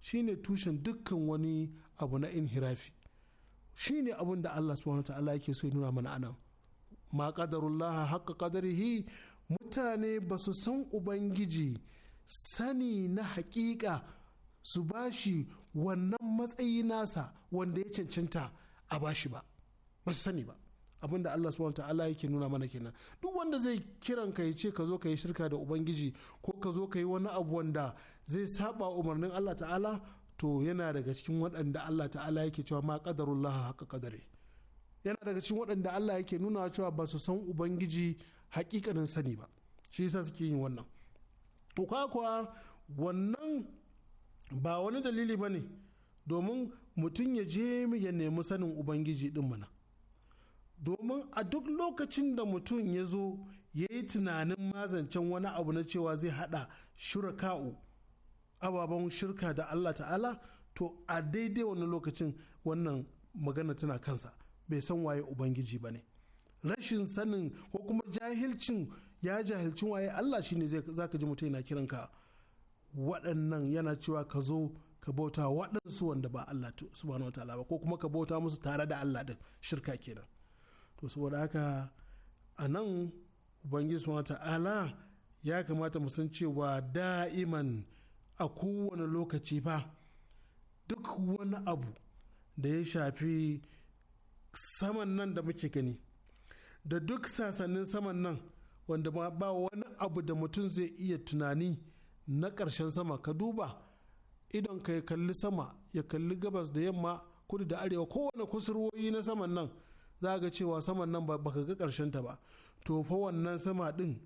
shine tushen dukkan wani abu na inhirafi shine abin da Allah subhanahu ta'ala yake so ya nuna mana anan ma qadarullah haqqa qadarihi mutane ba su san ubangiji sani na hakika su bashi wannan matsayi nasa wanda ya cancanta a bashi ba ba su sani ba abin da Allah subhanahu ta'ala yake nuna mana kenan duk wanda zai kiran ka ya ce ka zo ka yi shirka da ubangiji ko ka zo ka yi wani abu wanda zai saba umarnin Allah ta'ala to yana daga cikin waɗanda Allah ta'ala yake cewa ma qadarullah haka ƙadare yana daga cikin waɗanda Allah yake nuna cewa ba su san ubangiji haƙiƙanin sani ba shi yasa suke yin wannan to kuwa wannan ba wani dalili ba ne domin mutum ya je ya nemi sanin ubangiji din mana domin a duk lokacin da mutum ya zo ya yi tunanin mazancen wani abu na cewa zai haɗa shuraka'u ababen shirka da Allah ta'ala to a daidai wani lokacin wannan magana tana kansa bai san waye ubangiji ba ne rashin sanin ko kuma jahilcin ya jahilcin waye Allah shine za ka ji mutum yana ka waɗannan yana cewa ka zo ka bauta waɗansu wanda ba Allah subhanahu wa ta'ala ba ko kuma ka bauta musu tare da Allah da shirka kenan to saboda haka a nan ubangiji subhanahu wa ya kamata mu san cewa da'iman a kowane lokaci fa duk wani abu da ya shafi saman nan da muke gani da duk sasannin saman nan wanda ba wani abu da mutum zai iya tunani na ƙarshen sama ka duba idan ka ya kalli sama ya kalli gabas da yamma kudu da arewa kowane kusurwoyi na saman nan za ga cewa saman nan ba ka ga karshen ta ba to fa wannan sama ɗin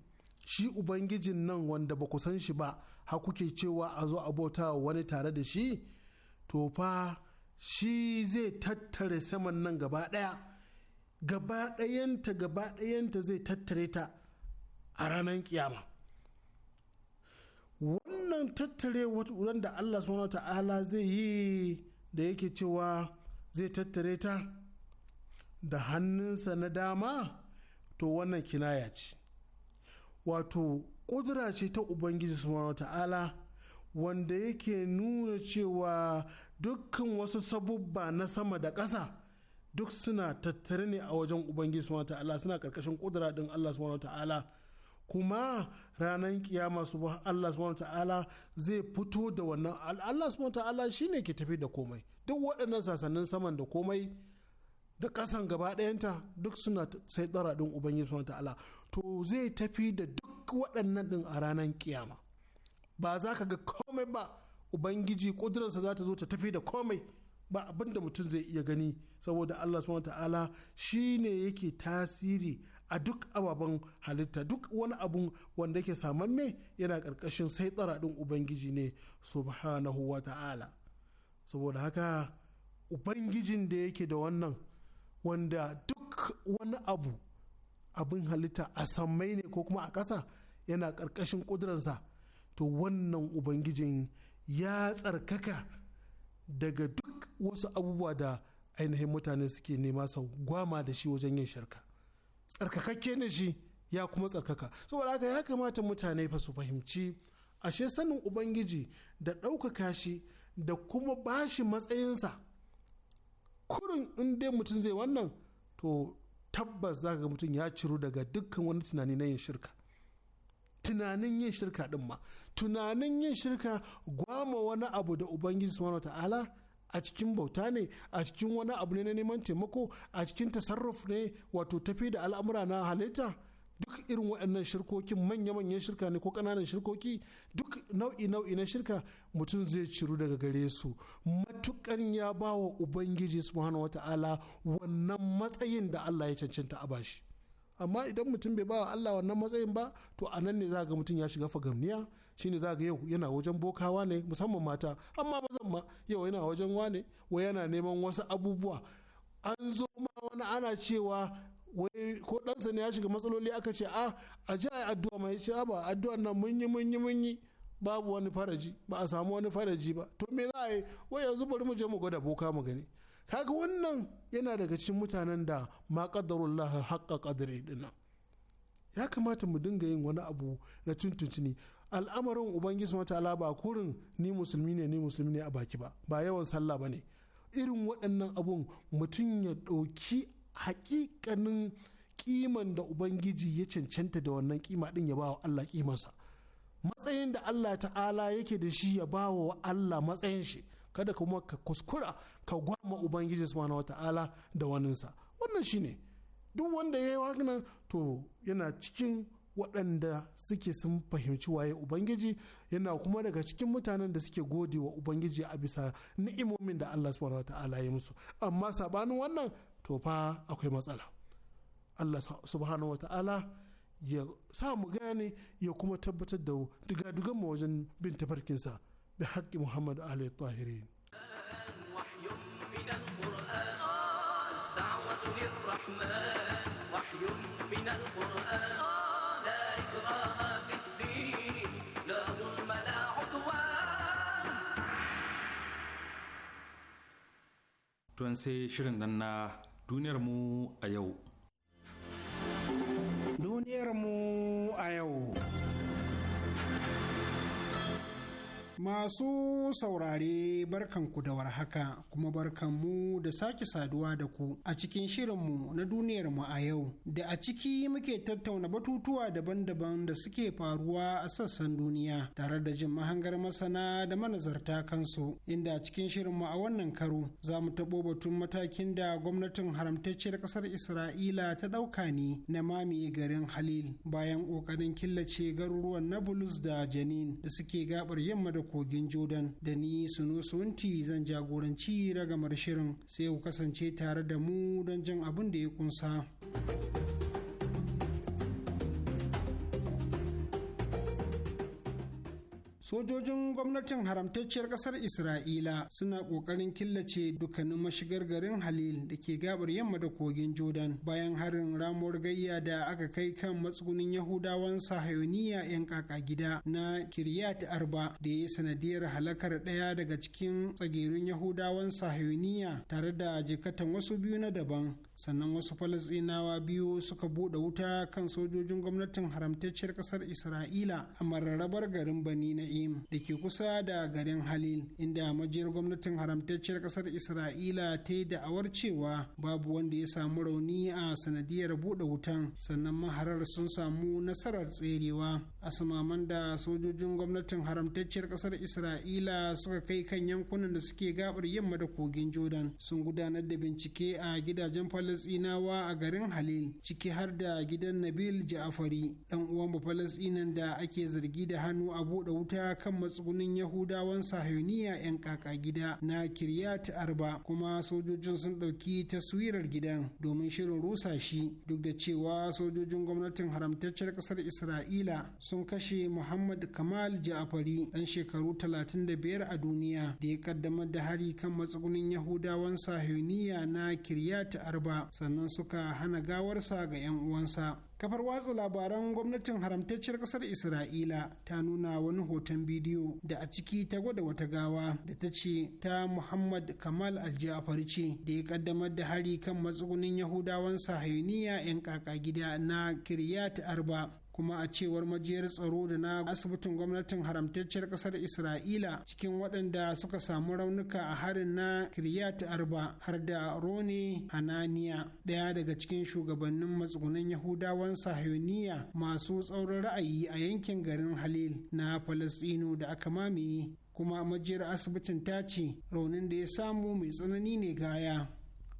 shi ubangijin nan wanda ba ku san shi ba har kuke cewa a zo a wani tare da shi to fa shi zai tattare saman nan gaba ɗaya gaba ɗayanta gaba ɗayanta zai tattare ta a ranar kiyama wannan tattare da Allah subhanahu ta'ala zai yi da yake cewa zai tattare ta da hannunsa na dama to wannan kinaya ce wato ƙudura ce ta ubangiji subhanahu ta'ala wanda yake nuna cewa dukkan wasu sabubba na sama da ƙasa duk suna tattare ne a wajen ubangiji subhanahu ta'ala suna ƙarƙashin ƙudura ɗin allah subhanahu ta'ala kuma ranar kiyama su Allah subhanahu ta'ala zai fito da wannan Allah subhanahu ta'ala shine ke tafi da komai duk waɗannan sasannin saman da komai da ƙasan gaba ɗayanta duk suna sai ɗara ɗin ubangiji subhanahu ta'ala to zai tafi da duk duk waɗannan ɗin a ranar kiyama ba za ka ga komai ba ubangiji ƙudurarsa za ta zo ta tafi da komai ba abinda mutum zai iya gani saboda Allah subhanahu ta'ala shi ne yake tasiri a duk ababen halitta duk wani abun wanda yake samamme yana ƙarƙashin sai ɗin ubangiji ne subhanahu wa ta'ala saboda haka ubangijin da yake da wannan wanda duk wani abu abin halitta a sammai ne ko kuma a ƙasa yana ƙarƙashin ƙudurarsa to wannan ubangijin ya tsarkaka daga duk wasu abubuwa da ainihin mutane suke nema sau gwama da shi wajen yin shirka tsarkakakke ne shi ya kuma tsarkaka saboda haka ya kamata mutane fa su fahimci ashe sanin ubangiji da ɗaukaka shi da kuma bashi matsayinsa kurin in dai mutum zai wannan to tabbas za ga mutum ya ciro daga dukkan wani tunani na yin shirka tunanin yin shirka din ma tunanin yin shirka gwama wani abu da ubangiji subhanahu ta'ala a cikin bauta ne a cikin wani abu ne na neman taimako a cikin tasarruf ne wato tafi da al'amura na halitta duk irin waɗannan shirkokin manya-manyan shirka ne ko ƙananan shirkoki duk nau'i-nau'i na shirka mutum zai ciru daga gare su matukan ya ba wa ubangiji subhanahu wata'ala wannan matsayin da Allah ya cancanta a bashi amma idan mutum bai ba wa Allah wannan matsayin ba to a nan ne za ga mutum ya shiga fagamniya shine za ga yau yana wajen bokawa ne musamman mata amma zan ma yau yana wajen wane wa yana neman wasu abubuwa an zo ma wani ana cewa wai ko ɗansa ne ya shiga matsaloli aka ce a ah, a ji a addu'a mai ce ba addu'a na mun yi mun yi mun yi babu wani faraji ba a samu wani faraji ba to me za a yi wai yanzu bari mu je mu gwada boka mu gani kaga wannan yana daga cikin mutanen da ma qaddarullah haqqa qadri dinnan ya kamata mu dinga yin wani abu na tuntuntuni al'amarin ubangiji wata ba kurin ni musulmi ne ni musulmi ne a baki ba ba yawan sallah ba ne irin waɗannan abun mutum ya ɗauki hakikanin kiman da ubangiji ya cancanta da wannan kima din ya ba wa Allah kimansa matsayin da Allah ta'ala yake da shi ya ba wa Allah matsayin shi kada kuma ka kuskura ka gwama ubangiji subhanahu wata'ala da waninsa wannan shine duk wanda ya yi wannan to yana cikin waɗanda suke sun fahimci waye ubangiji yana kuma daga cikin mutanen da suke gode wa ubangiji a bisa ni'imomin da Allah subhanahu wata'ala ya musu amma sabanin wannan to fa akwai matsala allah subhanahu wa ta'ala ya sa mu gane ya kuma tabbatar da daga mu wajen bin tafarkinsa bi haƙƙi muhammad alayhi tahiri tun sai shirin nan na duniyar mu a yau duniyar mu a yau Masu saurare barkan ku da warhaka kuma barkanmu da sake saduwa da ku a cikin shirinmu na duniyarmu a yau da a ciki muke tattauna batutuwa daban-daban da suke faruwa a sassan duniya tare da jin mahangar masana da manazarta kansu inda a cikin shirinmu a wannan karo za mu taɓo batun matakin da gwamnatin haramtacciyar ƙasar Isra'ila ta ɗauka ne na mami garin Halil bayan ƙoƙarin killace garuruwan Nablus da Janin da suke gabar yamma da kogin jordan da ni suno sunti zan jagoranci ragamar shirin sai ku kasance tare da mu don jin abin da ya kunsa. sojojin gwamnatin haramtacciyar ƙasar isra'ila suna ƙoƙarin killace dukkanin mashigar garin halil da ke gabar yamma da kogin jordan bayan harin ramuwar gayya da aka kai kan matsugunin yahudawan sahayoniya 'yan kaka gida na kiryat arba da ya yi sanadiyar halakar ɗaya daga cikin tsagerun yahudawan sahayoniya tare da jikatan wasu biyu na daban sannan wasu falasinawa biyu suka bude wuta kan sojojin gwamnatin haramtacciyar kasar isra'ila a mararrabar garin bani na'im da ke kusa da garin halil inda majiyar gwamnatin haramtacciyar kasar isra'ila ta yi da'awar cewa babu wanda ya samu rauni a sanadiyar bude wutan sannan maharar sun samu nasarar tserewa samaman da sojojin gwamnatin haramtacciyar kasar isra'ila suka kai kan yankunan da suke gabar yamma da kogin jordan sun gudanar da bincike a gidajen Falasɗinawa a garin Halil ciki har da gidan Nabil Ja'afari dan uwan Falasɗinan da ake zargi da hannu a buɗe wuta kan matsugunin Yahudawan Sahiyoniya 'yan kaka gida na Kiryat Arba kuma sojojin sun ɗauki taswirar gidan domin shirin rusa shi duk da cewa sojojin gwamnatin haramtacciyar ƙasar Isra'ila sun kashe Muhammad Kamal Ja'afari dan shekaru 35 a duniya da ya kaddamar da hari kan matsugunin Yahudawan Sahiyoniya na Kiryat Arba sannan suka hana gawarsa ga 'yan uwansa kafar watsa labaran gwamnatin haramtacciyar kasar isra'ila ta nuna wani hoton bidiyo da a ciki ta gwada wata gawa da ta ce ta muhammad kamal aljafar ce da ya kaddamar da hari kan matsugunin yahudawan sahayuniya 'yan kaka gida na kiryat arba kuma a cewar majiyar tsaro da na asibitin gwamnatin haramtacciyar kasar isra'ila cikin waɗanda suka samu raunuka a harin na kiryat arba har da roni hananiya ɗaya daga cikin shugabannin matsugunan yahudawan sahiyoniya masu tsaurin ra'ayi a yankin garin halil na falasɗinu da aka mamaye kuma majiyar asibitin ta ce raunin da ya samu mai tsanani ne gaya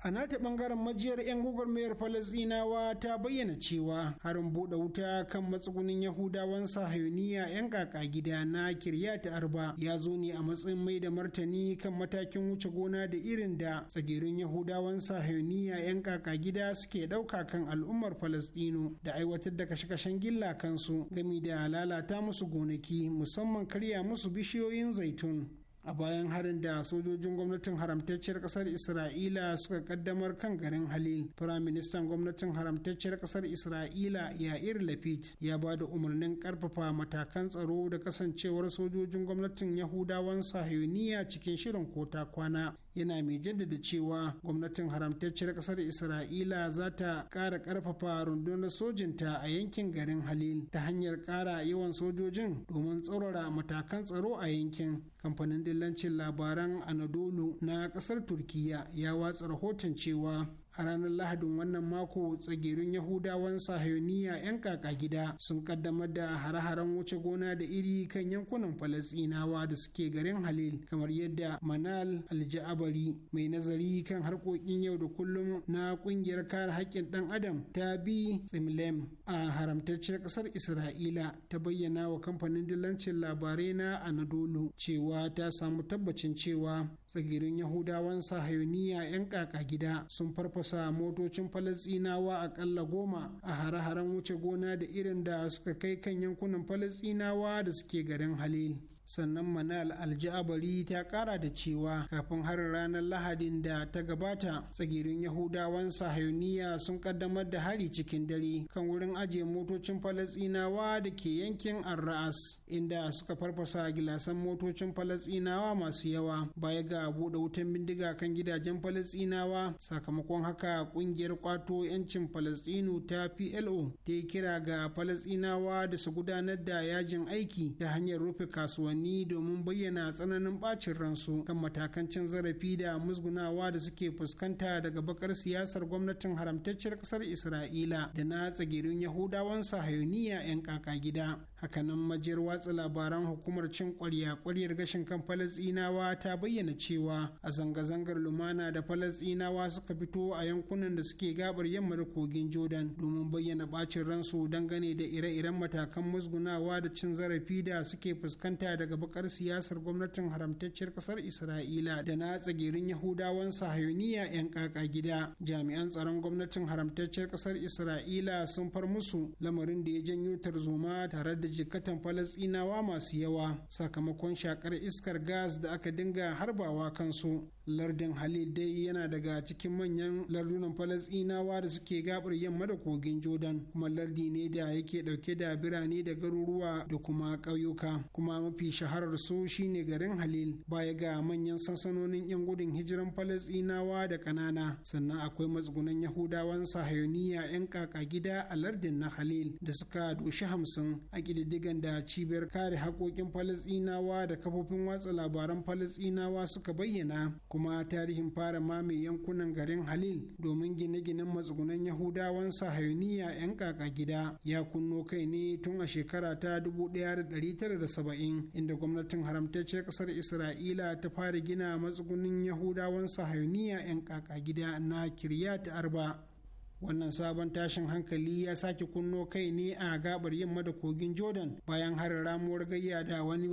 a nata bangaren majiyar 'yan gwagwarmayar Falasdinawa ta bayyana cewa harin buɗe wuta kan matsugunin yahudawan sahayoniya 'yan kaka gida na kiryata arba ya zo ne a matsayin mai da martani kan matakin wuce gona da irin da tsagirin yahudawan sahayoniya 'yan kaka gida suke ɗauka kan al'ummar Falasdino da aiwatar da kashe-kashen gilla kansu gami da lalata musu gonaki musamman karya musu bishiyoyin zaitun a bayan harin da sojojin gwamnatin haramtacciyar kasar isra'ila suka kaddamar kan garin halil firaministan gwamnatin haramtacciyar kasar isra'ila yair lapid ya ba da umarnin karfafa matakan tsaro da kasancewar sojojin gwamnatin yahudawan sahiyoniya cikin shirin kota kwana yana mai jaddada cewa gwamnatin haramtacciyar kasar isra'ila za ta ƙara ƙarfafa rundunar sojinta a yankin garin halil ta hanyar ƙara yawan sojojin domin tsaurara matakan tsaro a yankin kamfanin dillancin labaran anadolu na ƙasar turkiya ya watsa rahoton cewa a ranar lahadin wannan mako tsagerun yahudawan sahayoniya 'yan kaka gida sun kaddamar da hare-haren wuce gona da iri kan yankunan falasinawa da suke garin halil kamar yadda manal alja'abari mai nazari kan harkokin yau da kullum na kungiyar kare haƙƙin ɗan adam ta bi tsimlem a haramtaccen ƙasar isra'ila ta bayyana wa kamfanin dillancin labarai na anadolu cewa ta samu tabbacin cewa tsagerun yahudawan sahayoniya 'yan kaka gida sun farfasa sa motocin falasinawa akalla goma a hare-haren wuce gona da irin da suka kai kan yankunan falasinawa da suke garin halil sannan manal aljabari ta kara da cewa kafin har ranar lahadin da ta gabata tsagirin yahudawan sahayuniya sun kaddamar da hari cikin dare kan wurin ajiye motocin falasinawa da ke yankin arra'as inda suka farfasa gilasan motocin falasinawa masu yawa baya ga buɗe wutan bindiga kan gidajen falasinawa sakamakon haka ƙungiyar kwato 'yancin falasinu ta plo ta kira ga falasinawa da su gudanar da yajin aiki ta hanyar rufe kasuwanci unguwanni domin bayyana tsananin bacin ransu kan matakan cin zarafi da musgunawa da suke fuskanta daga bakar siyasar gwamnatin haramtacciyar kasar isra'ila da na tsagirin yahudawan sahayuniya 'yan kaka gida hakanan majiyar watsa labaran hukumar cin kwarya kwaryar gashin kan falasinawa ta bayyana cewa a zanga-zangar lumana da falasinawa suka fito a yankunan da suke gabar yamma kogin jordan domin bayyana bacin ransu dangane da ire-iren matakan musgunawa da cin zarafi da suke fuskanta da daga bakar siyasar gwamnatin haramtacciyar kasar isra'ila da na tsagerin yahudawan sahayuniya 'yan kaka gida jami'an tsaron gwamnatin haramtacciyar kasar isra'ila sun far musu lamarin da ya janyo tarzoma tare da jikatan falasinawa masu yawa sakamakon shakar iskar gas da aka dinga harbawa kansu lardin halil dai yana daga cikin manyan lardunan falasinawa da suke gabar yamma da kogin jordan kuma lardi ne da yake dauke da birane da garuruwa da kuma ƙauyuka kuma mafi shaharar su shine garin halil baya ga manyan sansanonin 'yan gudun hijiran falasinawa da kanana sannan akwai matsugunan yahudawan sahayoniya 'yan kaka gida a lardin na halil da suka doshi hamsin a ƙididdigan da cibiyar kare haƙoƙin falasinawa da kafofin watsa labaran falasinawa suka bayyana kuma tarihin fara mame yankunan garin halil domin gine-ginen matsugunan yahudawan sahayoniya 'yan kaka gida ya kunno kai ne tun a shekara ta 1970 inda gwamnatin haramtacciyar ƙasar isra'ila ta fara gina matsugunin yahudawan sahayuniya 'yan kaka gida na kiryat arba wannan sabon tashin hankali ya sake kunno kai ne a gabar yin da kogin jordan bayan harin ramuwar gayya da wani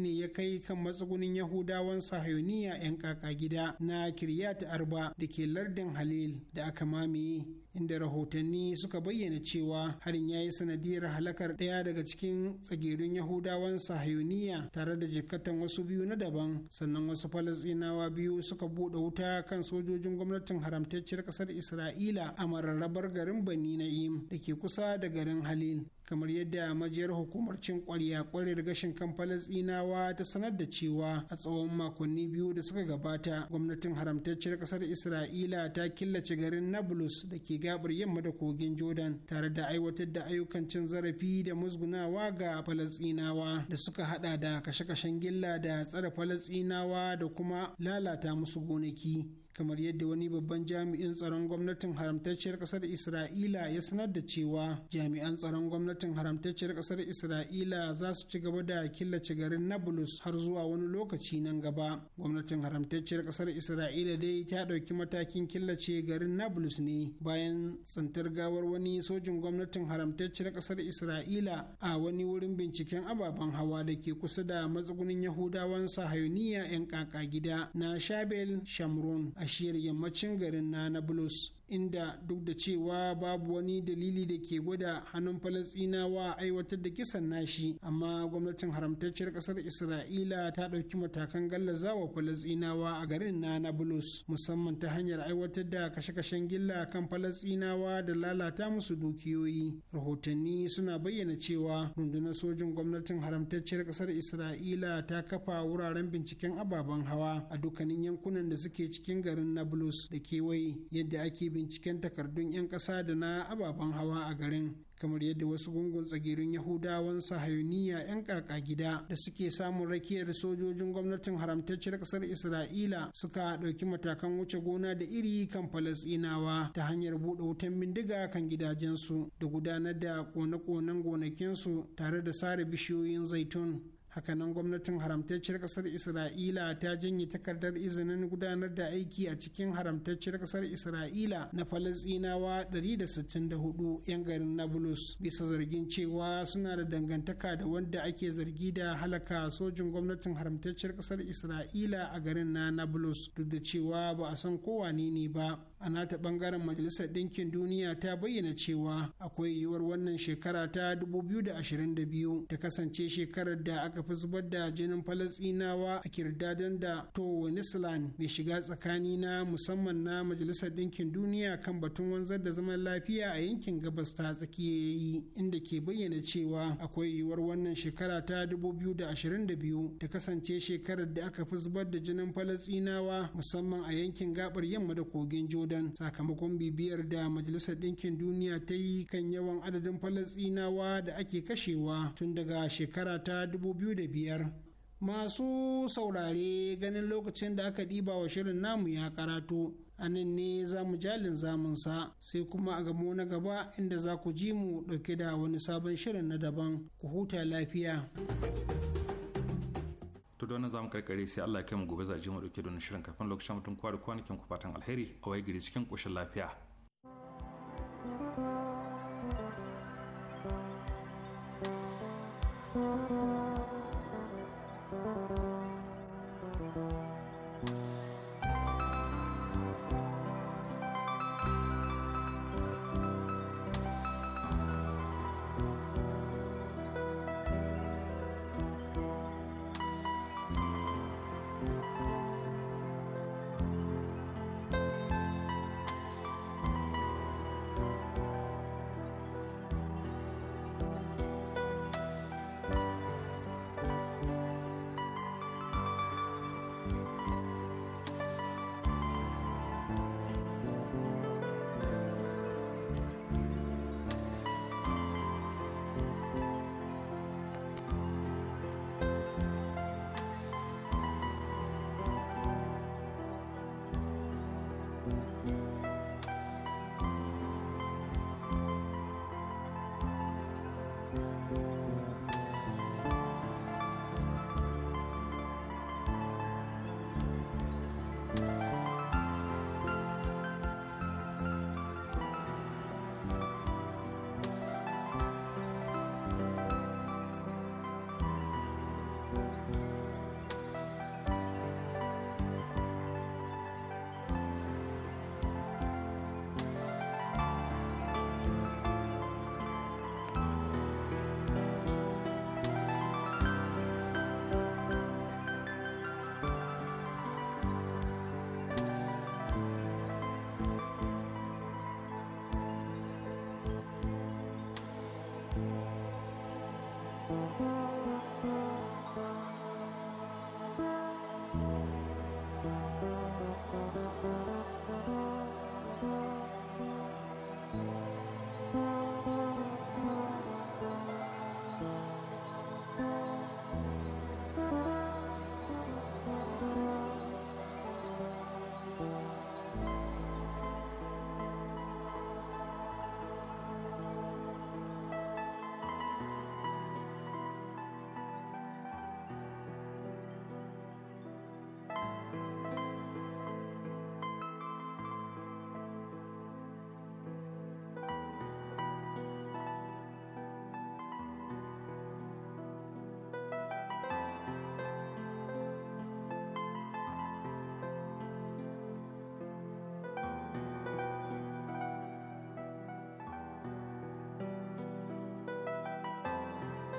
ne ya kai kan matsugunin yahudawan Sahauniya 'yan kaka gida na kiryat arba da ke lardin halil da aka mamaye inda rahotanni suka bayyana cewa harin ya yi sanadiyar halakar ɗaya daga cikin tsagerun yahudawan sahayuniya tare da jikkatan wasu biyu na daban sannan wasu falasinawa biyu suka buɗe wuta kan sojojin gwamnatin haramtacciyar ƙasar isra'ila a mararrabar garin bani na'im da ke kusa da garin halil kamar yadda majiyar hukumar cin kwarya kwarar gashin kan falasɗinawa ta sanar da cewa a tsawon makonni biyu da suka gabata gwamnatin haramtacciyar ƙasar isra'ila ta killace garin nablus da ke gabar yamma da kogin jordan tare da aiwatar da ayyukan cin zarafi da musgunawa ga falasɗinawa da suka hada da kashe-kashen gilla da tsare falasɗinawa da kuma lalata musu gonaki kamar yadda wani babban jami'in tsaron gwamnatin haramtacciyar kasar isra'ila ya sanar da cewa jami'an tsaron gwamnatin haramtacciyar kasar isra'ila za su ci gaba da killace garin nablus har zuwa wani lokaci nan gaba gwamnatin haramtacciyar kasar isra'ila dai ta ɗauki matakin killace garin nablus ne bayan tsantar gawar wani sojin gwamnatin haramtacciyar kasar isra'ila a wani wurin binciken ababen hawa da ke kusa da matsugunin yahudawan sahayuniya 'yan kaka gida na shabel shamron a a shirin yammacin garin na nablus inda duk da cewa babu wani dalili da ke gwada hannun falasinawa aiwatar da kisan nashi amma gwamnatin haramtacciyar kasar isra'ila ta ɗauki matakan gallazawa falasinawa a garin na nablus musamman ta hanyar aiwatar da kashe-kashen gilla kan falasinawa da lalata musu dukiyoyi rahotanni suna bayyana cewa rundunar sojin gwamnatin haramtacciyar kasar isra'ila ta kafa wuraren binciken ababen hawa a dukkanin yankunan da suke cikin garin nablus da kewaye yadda ake binciken takardun 'yan ƙasa da na ababen hawa a garin kamar yadda wasu gungun tsagirin yahudawan sahayuniya 'yan kaka gida da suke samun rakiyar sojojin gwamnatin haramtacciyar ƙasar isra'ila suka ɗauki matakan wuce gona da iri kan falasinawa ta hanyar buɗe wutan bindiga kan gidajensu da gudanar da kone-konen gonakinsu tare da sare bishiyoyin zaitun hakanan gwamnatin haramtacciyar kasar isra'ila ta janye takardar izinin gudanar da aiki a cikin haramtacciyar kasar isra'ila na falasinawa 164 'yan garin nablus bisa zargin cewa suna da dangantaka da wanda ake zargi da halaka sojin gwamnatin haramtacciyar kasar isra'ila a garin na nablus duk da cewa ba a san kowane ne ba a nata bangaren majalisar ɗinkin duniya ta bayyana cewa akwai yiwuwar wannan shekara ta 2022 ta kasance shekarar da aka fi zubar da jinin falasinawa a kirdadan da to nislan mai shiga tsakani na musamman na majalisar ɗinkin duniya kan batun wanzar da zaman lafiya a yankin gabas ta tsakiya yi inda ke bayyana cewa akwai yiwuwar wannan shekara ta 2022 ta kasance shekarar da aka fi zubar da jinin falasinawa musamman a yankin gabar yamma da kogin jordan Sudan sakamakon bibiyar da majalisar ɗinkin duniya ta yi kan yawan adadin falasɗinawa da ake kashewa tun daga shekara ta 2005 masu saurare ganin lokacin da aka ɗiba wa shirin namu ya karatu a ne za mu jalin zamunsa sai kuma a gamo na gaba inda za ku ji mu ɗauke da wani sabon shirin na daban ku huta lafiya. to don zamu karkare sai Allah ya mu gobe zaje mu dauke don shirin kafin lokacin mutum kwa da kwanakin ku fatan alheri a waye gari cikin koshin lafiya thank you